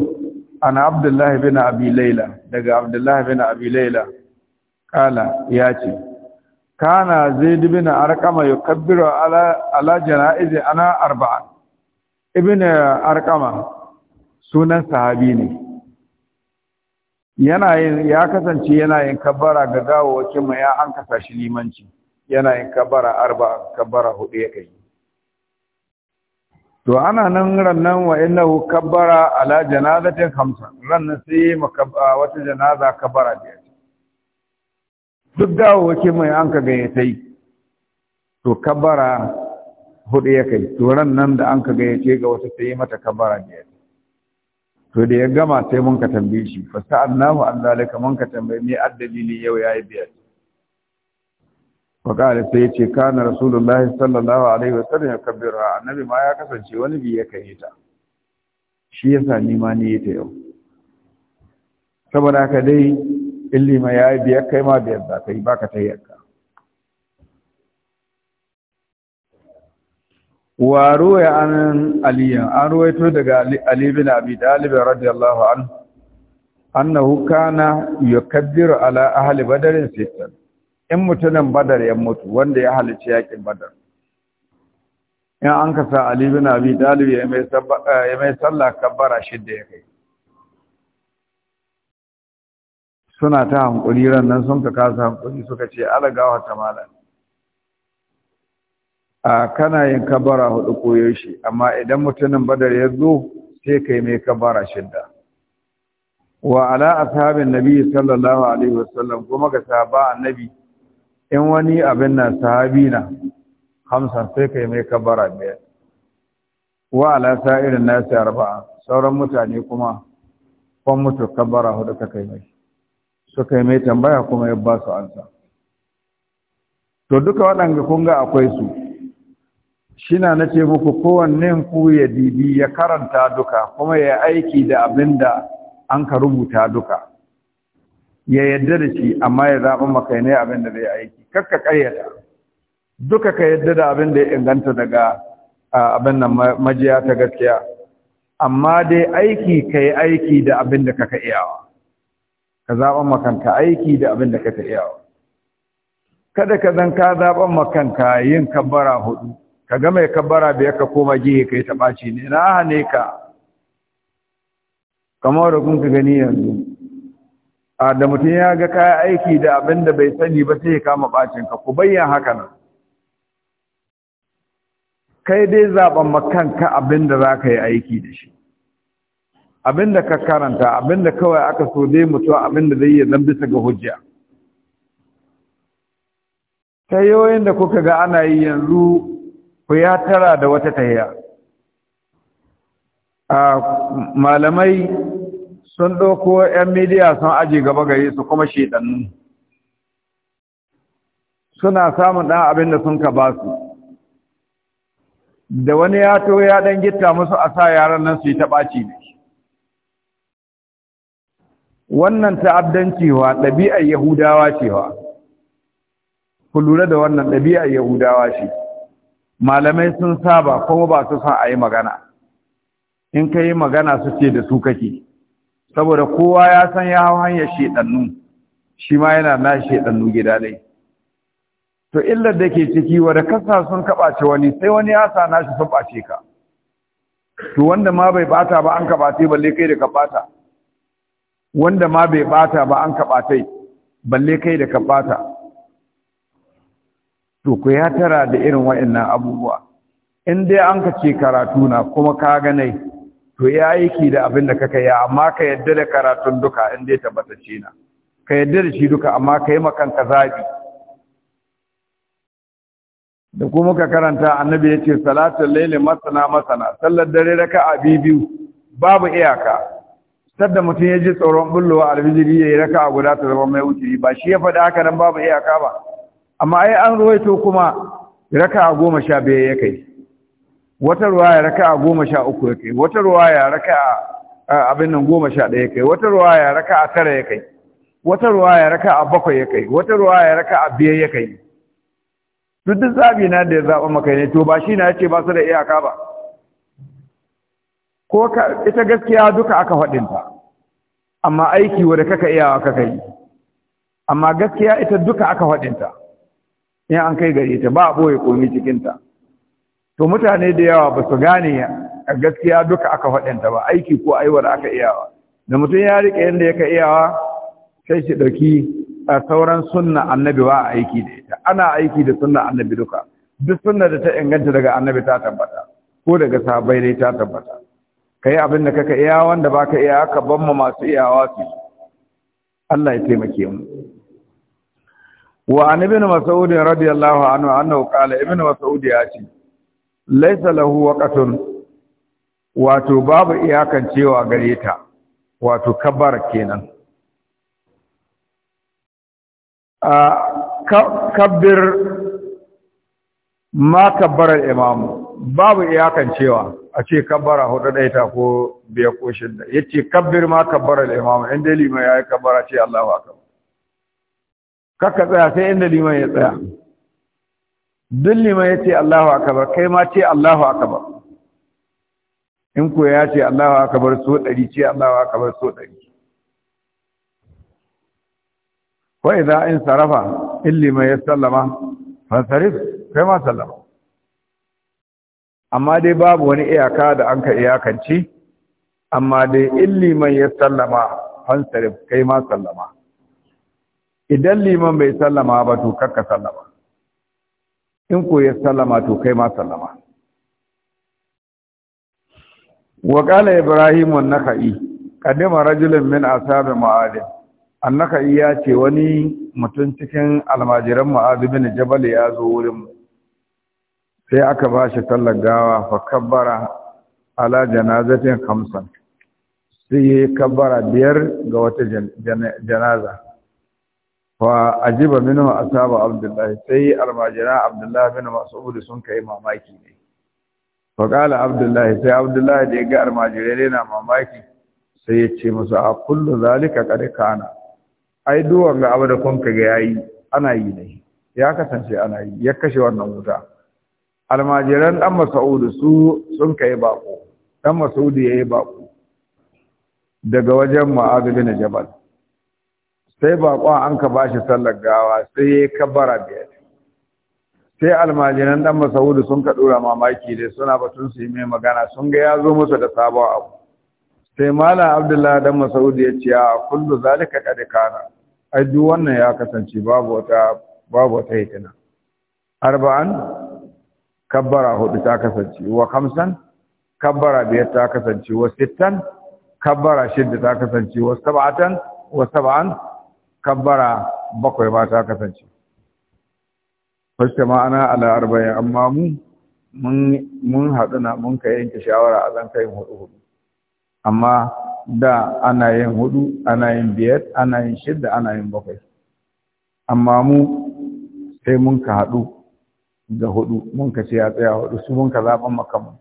ana abdullahi bin abi laila daga abdullahi bin abi laila kala ya ce kana zai zaid na arkama ya ala ala janaiz ana arba'a ibn arkama sunan sahabi ne yana yin ya kasance yana yin kabbara ga gawawakin mu ya an kasa shi limanci yana yin kabbara arba kabbara hudu ya kai to ana nan rannan wa innahu kabbara ala janazatin khamsa rannan sai makabba wata janaza kabbara biyar duk gawawakin mu ya an ka tai to kabbara hudu ya kai to rannan da an ka gayyace ga wata sai mata kabbara biyar to da ya gama sai mun ka tambaye shi fa sa'annahu an zalika mun ka tambaye me addalili yau yayi biyar fa sai yace kana rasulullahi sallallahu alaihi wasallam yakabbira annabi ma ya kasance wani bi ya kai ta shi yasa ni ma ni ta yau saboda haka dai illima yayi biyar kai ma biyar za yi, baka tayyaka wa ruwaya an aliyan an ruwaito daga ali bin abi talib radiyallahu anhu annahu kana yukaddiru ala ahli badarin sittan in mutunan badar ya mutu wanda ya halice yakin badar in an ka sa ali bin abi talib ya ya mai sallah kabbara shidda ya kai suna ta hankuri ran nan sun ka kasa hankuri suka ce alagawa ta malam a kana yin kabara hudu koyo shi amma idan mutumin badar ya zo sai ka yi mai kabara shidda wa ala ashabin nabi sallallahu alaihi wasallam kuma ga sahaba annabi in wani abin nan sahabi na hamsan sai ka yi mai kabara biyar wa ala sa'irin nasi arba'a sauran mutane kuma kwan mutu kabara hudu ka kai mai suka yi mai tambaya kuma ya ba su ansa to duka waɗanda kun ga akwai su shina na ce muku kowannen ku ya didi, ya karanta duka kuma ya aiki da abin da an ka rubuta duka ya yadda da shi amma ya zaɓi makainai abin da zai aiki kakka ƙaryata duka ka yadda da abin da ya inganta daga abin nan majiya ta gaskiya amma dai aiki ka yi aiki da abin da kaka iyawa ka zaɓa makanka aiki da abin da kaka iyawa kada ka zan ka zaɓi makanka yin kabbara hudu ka ga mai kabbara biyar ka koma gihe kai ta ɓaci ne na hane ka kamar da kun ka gani yanzu a da mutum ya ga kayan aiki da abin da bai sani ba sai ya kama ɓacin ka ku bayyan haka nan kai dai zaɓen ka abin da za ka yi aiki da shi abin da ka karanta abin da kawai aka so dai mutuwa abin da zai yi zan bisa ga hujja ta yoyin da kuka ga ana yi yanzu ku ya tara da wata tahiya a malamai sun ɗauko 'yan midiya sun aji gaba ga su kuma shedannu suna samun ɗan abin da sun ka ba su da wani ya to ya ɗan gitta musu a sa yaran nan su yi ta ne wannan cewa ɗabi'ar yahudawa cewa ku lura da wannan ɗabi'ar yahudawa ce malamai sun saba kuma ba su son a yi magana in ka yi magana su ce da su kake saboda kowa ya san ya hau hanyar shedannu shi ma yana na shedannu gida dai to illar da ke ciki wadda kasa sun kaɓace wani sai wani ya sa nashi sun ɓace ka to wanda ma bai bata ba an kaɓace balle kai da ka ɓata wanda ma bai bata ba an kaɓatai balle kai da ka ɓata to ku ya tara da irin wa'annan abubuwa in dai an ka ce karatu na kuma ka ganai to ya aiki da abin da kaka ya amma ka yadda da karatun duka in dai tabbatacce na ka yadda da shi duka amma ka yi makanka zabi da kuma ka karanta annabi ya ce salatun laili masana masana sallar dare raka a biyu babu iyaka sadda mutum ya ji tsoron bullowa alfijiri ya yi raka guda ta zama mai wuce ba shi ya faɗi haka nan babu iyaka ba amma ai an ruwaito kuma a goma sha biyar ya kai wata ruwaya a goma sha uku ya kai wata ruwaya a abin nan goma sha ɗaya ya kai wata ruwaya a tara ya kai wata ruwaya a bakwai ya kai wata ruwaya a biyar ya kai duk duk zaɓi na da ya zaɓa maka ne to ba shi na ce ba su da iyaka ba ko ka ita gaskiya duka aka faɗin ta amma aiki wanda kaka iyawa kaka yi amma gaskiya ita duka aka faɗin ta in an kai gare ta ba a ɓoye komi cikinta to mutane da yawa ba su gane a gaskiya duka aka faɗinta ba aiki ko aiwar aka iyawa da mutum ya riƙe yadda ya ka iyawa sai shi ɗauki a sauran sunna annabi ba a aiki da ita ana aiki da sunna annabi duka duk sunna da ta inganta daga annabi ta tabbata ko daga sabai dai ta tabbata kai abin da kaka iya wanda baka iya ka ban mu masu iyawa su Allah ya taimake mu wa an ibn mas'ud radiyallahu anhu annahu qala ibn mas'ud ya ce laysa lahu waqtun wato babu iyakan cewa gare ta wato kabbar kenan a kabbir ma kabbar imam babu iyakan cewa a ce kabbara hudu ta, ko biya ko shidda yace kabbir ma kabbar al-imam in dai ya yayi kabbara ce Allahu akbar kaka tsaya sai inda liman ya tsaya duk liman ya ce Allahu akabar kai ma ce Allahu akabar in ko ya ce Allahu akabar so ɗari ce Allahu akabar so ɗari wa idza in sarafa in liman ya sallama fansarif kai ma sallama amma dai babu wani iyaka da an ka iyakance amma dai in liman ya sallama fansarif kai ma sallama idan liman bai sallama ba to kakka sallama in ko ya sallama to kai ma sallama wa qala ibrahim an nakai qadima rajulun min ashabi mu'adh an-nakhai ya ce wani mutum cikin almajiran mu'adh bin jabal ya zo wurin sai aka ba shi gawa fa kabbara ala janazatin khamsan sai ya kabbara biyar ga wata janaza fa ajiba minhu asaba abdullahi sai almajira abdullahi bin mas'ud sun kai mamaki ne fa abdullahi sai abdullahi da ya ga almajira ne na mamaki sai ya ce masu a kullu zalika qad kana ai duwan ga abu da kun ka ga yayi ana yi ne ya kasance ana yi ya kashe wannan wuta almajiran dan mas'ud su sun kai bako dan mas'ud yayi bako daga wajen ma'ad bin jabal sai baƙon an ka bashi sallar gawa sai ya kabbara biyar sai almajiran dan masaudu sun ka dora mamaki dai suna batun su yi mai magana sun ga ya zo musu da sabon abu sai malam abdullah dan masaudu ya ce a kullu zalika kad kana ai duk wannan ya kasance babu wata babu wata hikina arba'an kabbara hudu ta kasance wa khamsan kabbara biyar ta kasance wa sittan kabbara shidda ta kasance wa sab'atan wa sab'an kabbara bakwai ba ta kasance fasta ma'ana ala arba'in amma mu mun haɗu na mun ka yanke shawara a zanka yin hudu hudu amma da ana yin hudu ana yin biyar ana yin shidda ana yin bakwai amma mu sai mun ka haɗu da hudu mun ka ce a tsaya hudu su mun ka zaɓen makamu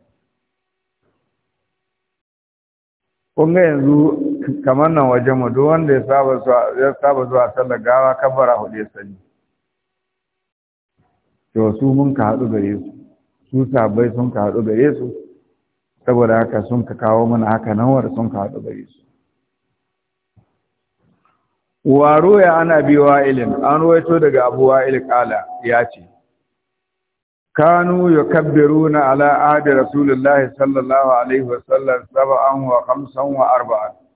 kun ga yanzu kamar nan waje mu duk wanda ya saba zuwa ya saba zuwa sallar gawa kabbara hudu ya sani to su mun ka haɗu gare su su sabai sun ka haɗu gare su saboda haka sun ka kawo mana haka war sun ka haɗu gare su wa ruya ana bi ilim, an ruwaito daga abu wa'il kala ya ce kanu yukabbiruna ala ahdi rasulillahi sallallahu alaihi wasallam sab'an wa khamsan wa arba'an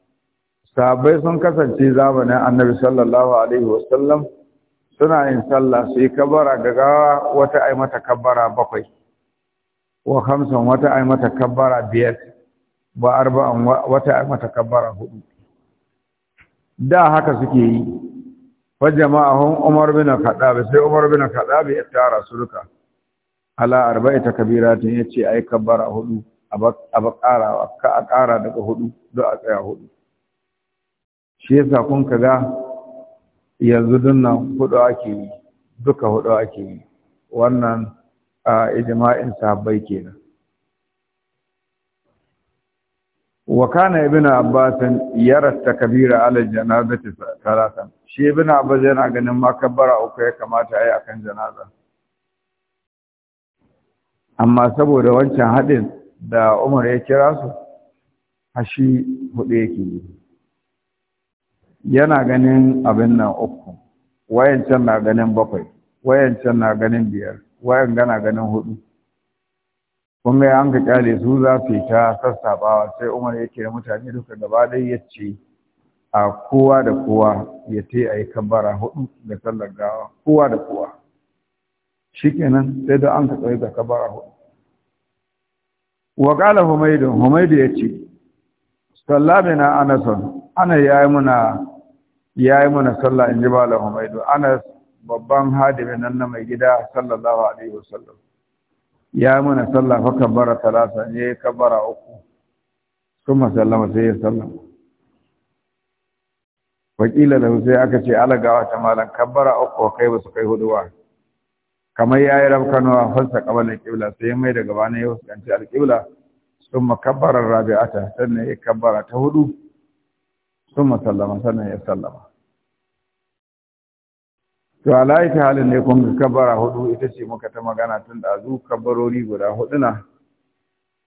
sahabbai sun kasance zamanin annabi sallallahu alaihi wasallam suna yin sallah su yi ga gawa wata ai mata kabbara bakwai wa hamsin wata ai mata kabbara biyar ba arba'in wata ai mata kabbara hudu da haka suke yi fa jama'ahum umar bin khattab sai umar bin khattab ya tara su duka ala arba'i ta yace ai kabara hudu a bakara ka a kara daga hudu do a tsaya hudu shi yasa kun kaga yanzu dunnan hudu ake yi duka hudu ake yi wannan a ijma'in sahabbai kenan wa kana ibnu abbas yara takbira ala janazati salatan shi ibnu abbas yana ganin makabara uku ya kamata ayi akan janaza amma saboda wancan hadin da Umar ya kira su hashi hudu yake yi yana ganin abin nan uku wayancan na ganin bakwai wayancan na ganin biyar wayan gana ganin hudu kun ga an ka kyale su za su yi ta sassabawa sai umar yake da mutane duka gaba ɗaya ya ce a kowa da kowa ya ce a yi kabbara hudu da sallar gawa kowa da kowa Shi kenan, sai da an ka tsaye da kabbara hudu Wakala Humaidu, Humaidu ya ce. sallabina anason ana yayi muna ya yi mana sallah in ji bala humaidu anas babban hadimin nan na mai gida sallallahu alaihi wasallam ya yi mana sallah fa kabbara talata ya yi kabbara uku kuma sallama sai ya sallama wakila da sai aka ce alagawa ta malam kabbara uku kai ba su kai hudu ba kamar ya yi rafkanuwa fasa kabalin kibla sai ya mai da gaba na ya fuskanci alkibla sun makabbarar rabi'ata sannan ya kabbara ta hudu sun masallama sannan ya sallama to ta halin ne kun kabara hudu ita ce muka ta magana tun da zu kabarori guda na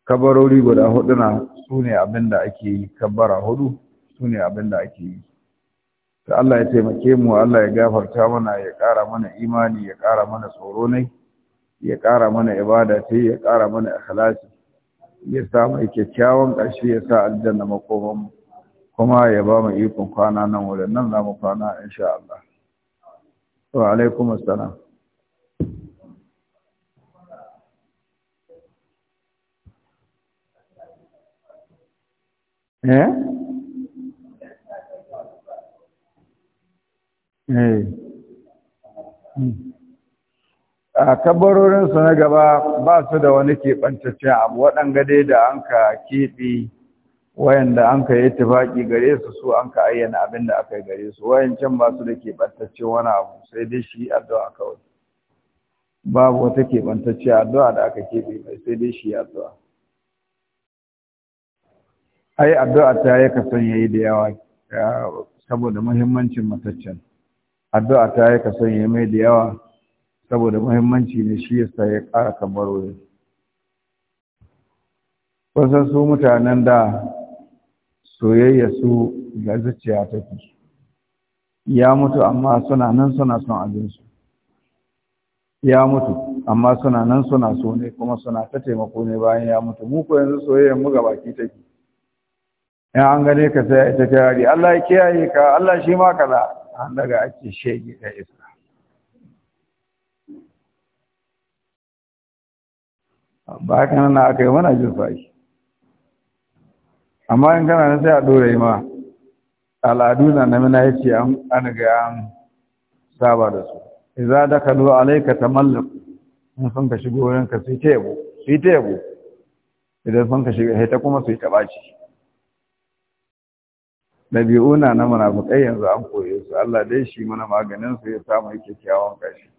kabarori guda huduna su ne abin da ake yi kabara hudu su ne abin da ake yi ta Allah ya taimake mu Allah ya gafarta mana ya ƙara mana imani ya ƙara mana tsoro ne ya ƙara mana ibada ce ya ƙara mana ikhlasi ya sa mai kyakkyawan ƙarshe ya sa aljanna mu. kuma ya ba mu ikon kwana nan wurin nan za mu kwana insha Allah wa alaikum assalam eh, eh. a kabarorinsu na gaba ba su da wani keɓantacce abu waɗanga dai da an ka keɓe wayanda an ka yi tufaƙi gare su su an ka ayyana abin da aka yi gare su wayancan ba su da ke keɓantaccen wani abu sai dai shi addu'a kawai babu wata keɓantacce addu'a da aka keɓe mai sai dai shi addu'a ai addu'a ta yi ka son yayi da yawa saboda muhimmancin mataccen addu'a ta yi ka son yayi mai da yawa saboda muhimmanci ne shi yasa ya ƙara kamar wuri wasan su mutanen da soyayya su ga zuciya fi ya mutu amma suna nan suna son abinsu ya mutu amma suna nan suna so ne kuma suna ta taimako ne bayan ya mutu mu ko yanzu soyayyar mu gabaki take in an gane ka sai ita ta yari Allah ya kiyaye ka Allah shi ma kaza an daga ake shege ta isa ba kana na aka yi mana jin fashi amma in kana nan sai a dore ma al'adu na namina ya ce an ga an saba da su idza alaika ta tamallak in sun ka shigo wurin ka sai ta yabo sai ta yabo idan sun ka shiga sai ta kuma sai ta baci dabi'una na munafikai yanzu an koye su Allah dai shi mana maganin su ya samu yake kyawun kashi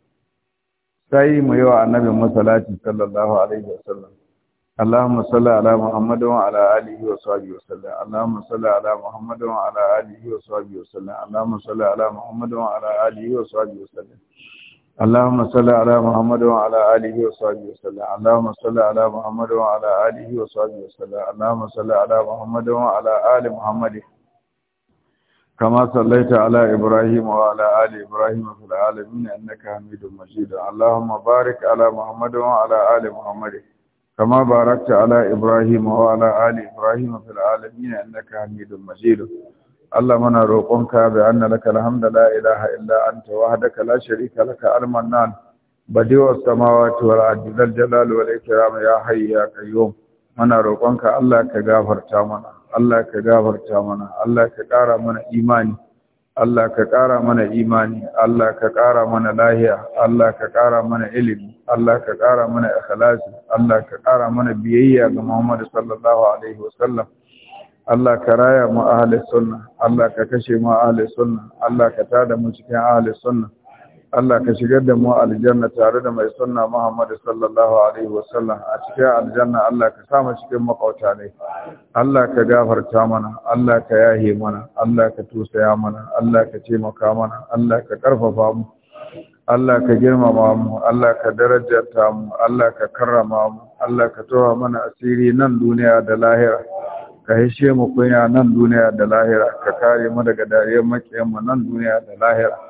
sai mu yi wa annabin masalati sallallahu alaihi wasallam اللهم صل على محمد وعلى اله وصحبه وسلم اللهم صل على محمد وعلى اله وصحبه وسلم اللهم صل على محمد وعلى اله وصحبه وسلم اللهم صل على محمد وعلى اله وصحبه وسلم اللهم صل على محمد وعلى اله وصحبه وسلم اللهم صل على محمد وعلى ال محمد كما صليت على إبراهيم وعلى آل إبراهيم في العالمين إنك حميد مجيد اللهم بارك على محمد وعلى آل محمد كما باركت على إبراهيم وعلى آل إبراهيم في العالمين إنك حميد مجيد اللهم انا روقك بان لك الحمد لا اله الا انت وحدك لا شريك لك المنان بديع السماوات والارض ذو الجلال والاكرام يا حي يا قيوم انا روقك الله كغفرت منا الله كغفرت منا الله كقرا منا ايماني Allah ka ƙara mana imani, Allah ka ƙara mana lahiya, Allah ka ƙara mana ilimi, Allah ka ƙara mana ikhlasi, Allah ka ƙara mana biyayya ga Muhammad sallallahu alaihi wasallam. Allah ka raya mu ahli sunna, Allah ka kashe mu ahli sunna, Allah ka tada mu cikin ahli sunna. Allah ka shigar da mu aljanna tare da mai sunna Muhammad sallallahu alaihi wasallam a cikin aljanna Allah ka sa mu cikin makauta ne Allah ka gafarta mana Allah ka yahe mana Allah ka tusaya mana Allah ka taimaka mana Allah ka karfafa mu Allah ka girmama mu Allah ka darajarta mu Allah ka karrama mu Allah ka tawa mana asiri nan duniya da lahira ka hishe mu kunya nan duniya da lahira ka kare mu daga dariyar makiyan mu nan duniya da lahira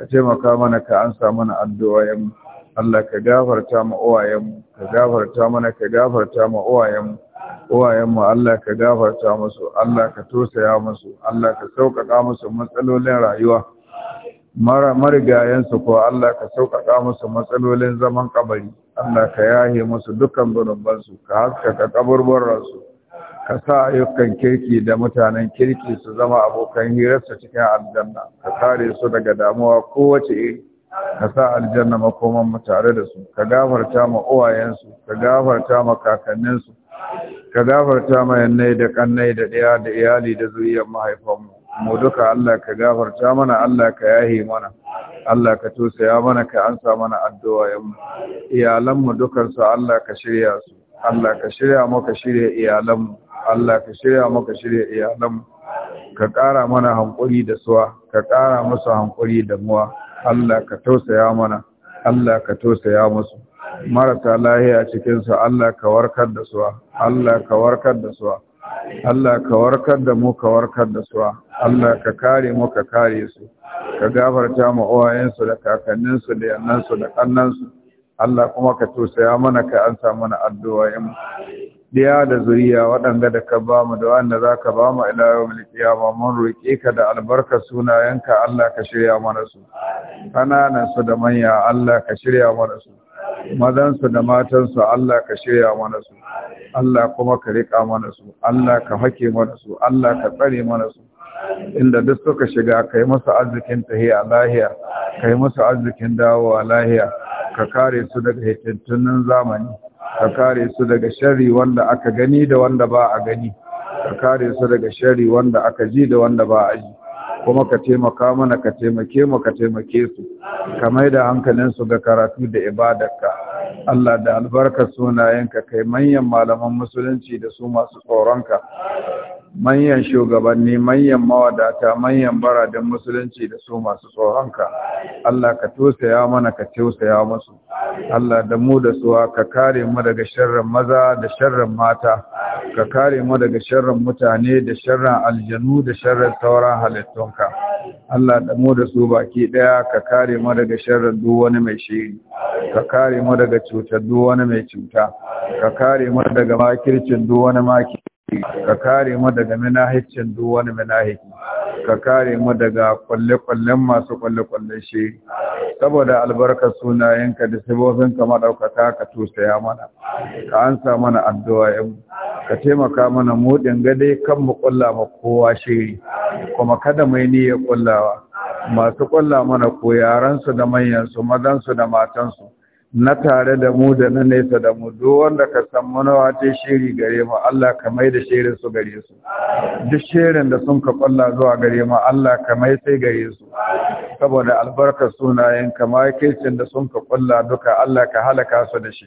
ka taimaka mana ka ansa mana addu'o'in Allah ka gafarta mu uwayen ka gafarta mana ka gafarta mu uwayen uwayen mu Allah ka gafarta musu Allah ka tosaya musu Allah ka sauƙaƙa musu matsalolin rayuwa marigayensu ko Allah ka sauƙaƙa musu matsalolin zaman kabari Allah ka yahe musu dukkan zunubansu ka haskaka kaburburransu ka sa ayyukan kirki da mutanen kirki su zama abokan hirarsa cikin aljanna ka kare su daga damuwa kowace iri ka sa aljanna makoman mu tare da su ka gafarta ma uwayensu ka gafarta ma kakanninsu ka gafarta ma yannai da kannai da ɗaya da iyali da zuriyar mahaifanmu mu duka Allah ka gafarta mana Allah ka yahi mana Allah ka tosaya mana ka ansa mana addu'a yammu. iyalanmu dukansu Allah ka shirya su Allah ka shirya mu shirya iyalanmu Allah ka shirya maka shirya iyalan ka ƙara mana hankuri da suwa ka ƙara musu hankuri da muwa Allah ka tausaya mana Allah ka tausaya musu marasa lahiya cikinsu Allah ka warkar da suwa Allah ka warkar da suwa Allah ka warkar da mu ka warkar da suwa Allah ka kare mu ka kare su ka gafarta mu uwayensu da kakanninsu da yannansu da kannansu Allah kuma ka tausaya mana ka ansa mana addu'o'in diya da zuriya waɗanda da ka ba mu da wanda za ka ba mu ila yau ba mun roƙe ka da albarka sunayenka Allah ka shirya mana su ƙananan su da manya Allah ka shirya mana su mazan su da matan su Allah ka shirya mana su Allah kuma ka riƙa mana su Allah ka hake mana su Allah ka tsare mana su inda duk suka shiga kai musu arzikin tahiya lahiya kai musu arzikin dawowa lahiya ka kare su daga hitattunan zamani ka kare su daga sharri wanda aka gani da wanda ba a gani ka kare su daga sharri wanda aka ji da wanda ba a ji kuma ka taimaka mana ka taimake mu ka taimake su ka mai da hankalin su ga karatu da ibadarka Allah da albarkar sunayenka kai manyan malaman musulunci da su masu tsoronka manyan shugabanni manyan mawadata manyan baradin musulunci da su masu tsoronka Allah ka tausaya mana ka tausaya musu Allah da mu da suwa ka kare mu daga sharrin maza da sharrin mata ka kare mu daga sharrin mutane da sharrin aljanu da sharrin sauran halittunka Allah da mu da su baki daya ka kare mu daga sharrin duk wani mai shiri ka kare mu daga cutar duk wani mai cuta ka kare mu daga makircin duk wani makirci ka kare mu daga minahicin duk wani minahiki ka kare mu daga kwalle-kwallen masu kwalle-kwalle shi saboda albarkar sunayenka da sabobinka maɗaukata, ka tusaya mana ka ansa mana addu'a yan ka taimaka mana mudin gade kan mu kulla ma kowa shiri kuma kada mai niyyar kullawa masu kulla mana ko yaransu da manyansu madansu da matansu na tare da mu da na nesa da mu duk wanda ka san manawa ta shiri gare mu Allah ka mai da shirin su gare su duk shirin da sun ka kwalla zuwa gare mu Allah ka mai sai gare su saboda albarkar sunayen ka makircin da sun ka kwalla duka Allah ka halaka su da shi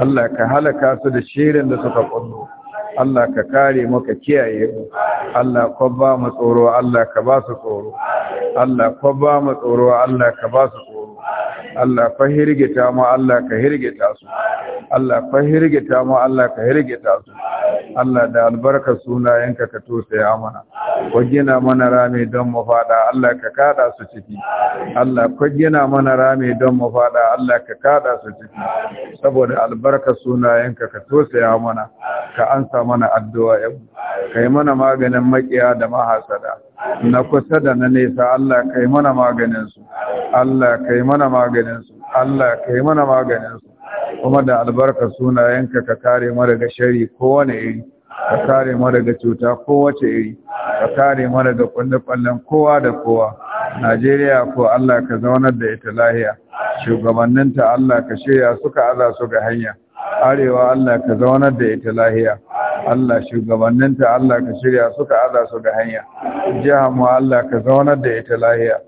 Allah ka halaka su da shirin da suka kwallo Allah ka kare mu ka kiyaye mu Allah ka ba mu tsoro Allah ka ba su tsoro Allah ka ba mu tsoro Allah ka ba su tsoro Allah fa hirgita mu Allah ka hirgita su Allah fa hirgita mu Allah ka hirgita su Allah da albarka sunayenka ka ya mana ko gina mana rami don mu fada Allah ka kada su ciki Allah ko gina mana rami don mu fada Allah ka kada su ciki saboda albarka sunayenka ka ya mana ka ansa mana addu'a ka yi mana maganin makiya da mahasada na kusa da na nesa Allah kai mana maganinsu Allah kai mana maganinsu Allah kai mana maganinsu kuma da albarka sunayenka ka kare mu daga shari kowane iri ka kare mu daga cuta kowace iri ka kare mu daga kwalle kowa da kowa Najeriya ko Allah ka zaunar da ita lahiya shugabanninta Allah ka shirya suka aza su ga hanya arewa Allah ka zaunar da ita lahiya Allah shugabanninta Allah ka shirya suka aza su ga hanya jiha mu Allah ka zaunar da ita lahiya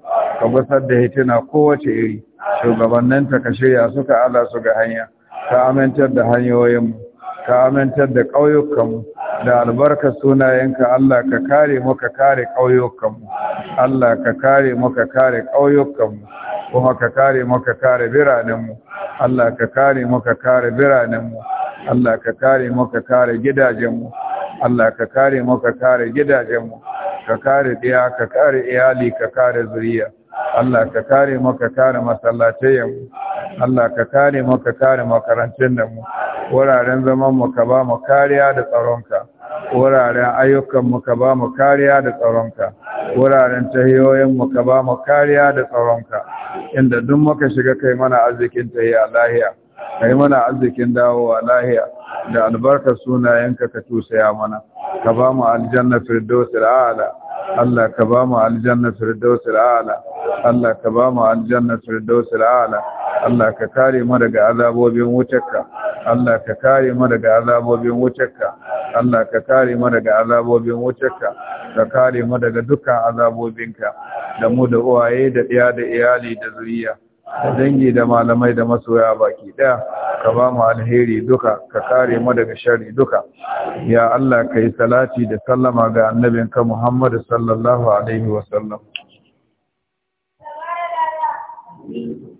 ka gusar da hitina kowace iri shugabanninta ka shirya suka aza su ga hanya ka amintar da hanyoyin mu ka amintar da ƙauyukanmu da albarka sunayenka Allah ka kare mu ka kare ƙauyukanmu Allah ka kare mu ka kare ƙauyukanmu kuma ka kare mu ka kare biranenmu Allah ka kare mu ka kare biranenmu Allah ka kare mu ka kare gidajenmu Allah ka kare mu ka kare gidajenmu ka kare diya ka kare iyali ka kare zuriya Allah ka kare mu ka kare masallatayenmu Allah ka kare mu ka kare makarantun da mu wuraren zaman mu ka ba mu kariya da tsaronka wuraren ayyukan mu ka ba mu kariya da tsaronka wuraren tahiyoyin mu ka ba mu kariya da tsaronka inda duk muka shiga kai mana arzikin tahiya lahiya ka yi mana arzikin dawowa lahiya da albarkar sunayenka ka tusaya mana ka ba mu aljanna firdausil a'la Allah ka ba mu aljanna firdausil a'la Allah ka ba mu aljanna firdausil a'la Allah ka kare mu daga azabobin wutarka Allah ka kare mu daga azabobin wutarka Allah ka kare mu daga azabobin wutarka ka kare mu daga dukkan azabobinka da mu da uwaye da iya da iyali da zuriya da dangi da malamai da masoya baki daya ka ba mu alheri duka ka kare mu daga shari duka ya Allah kai salati da sallama ga annabinka Muhammad sallallahu alaihi wasallam Thank you.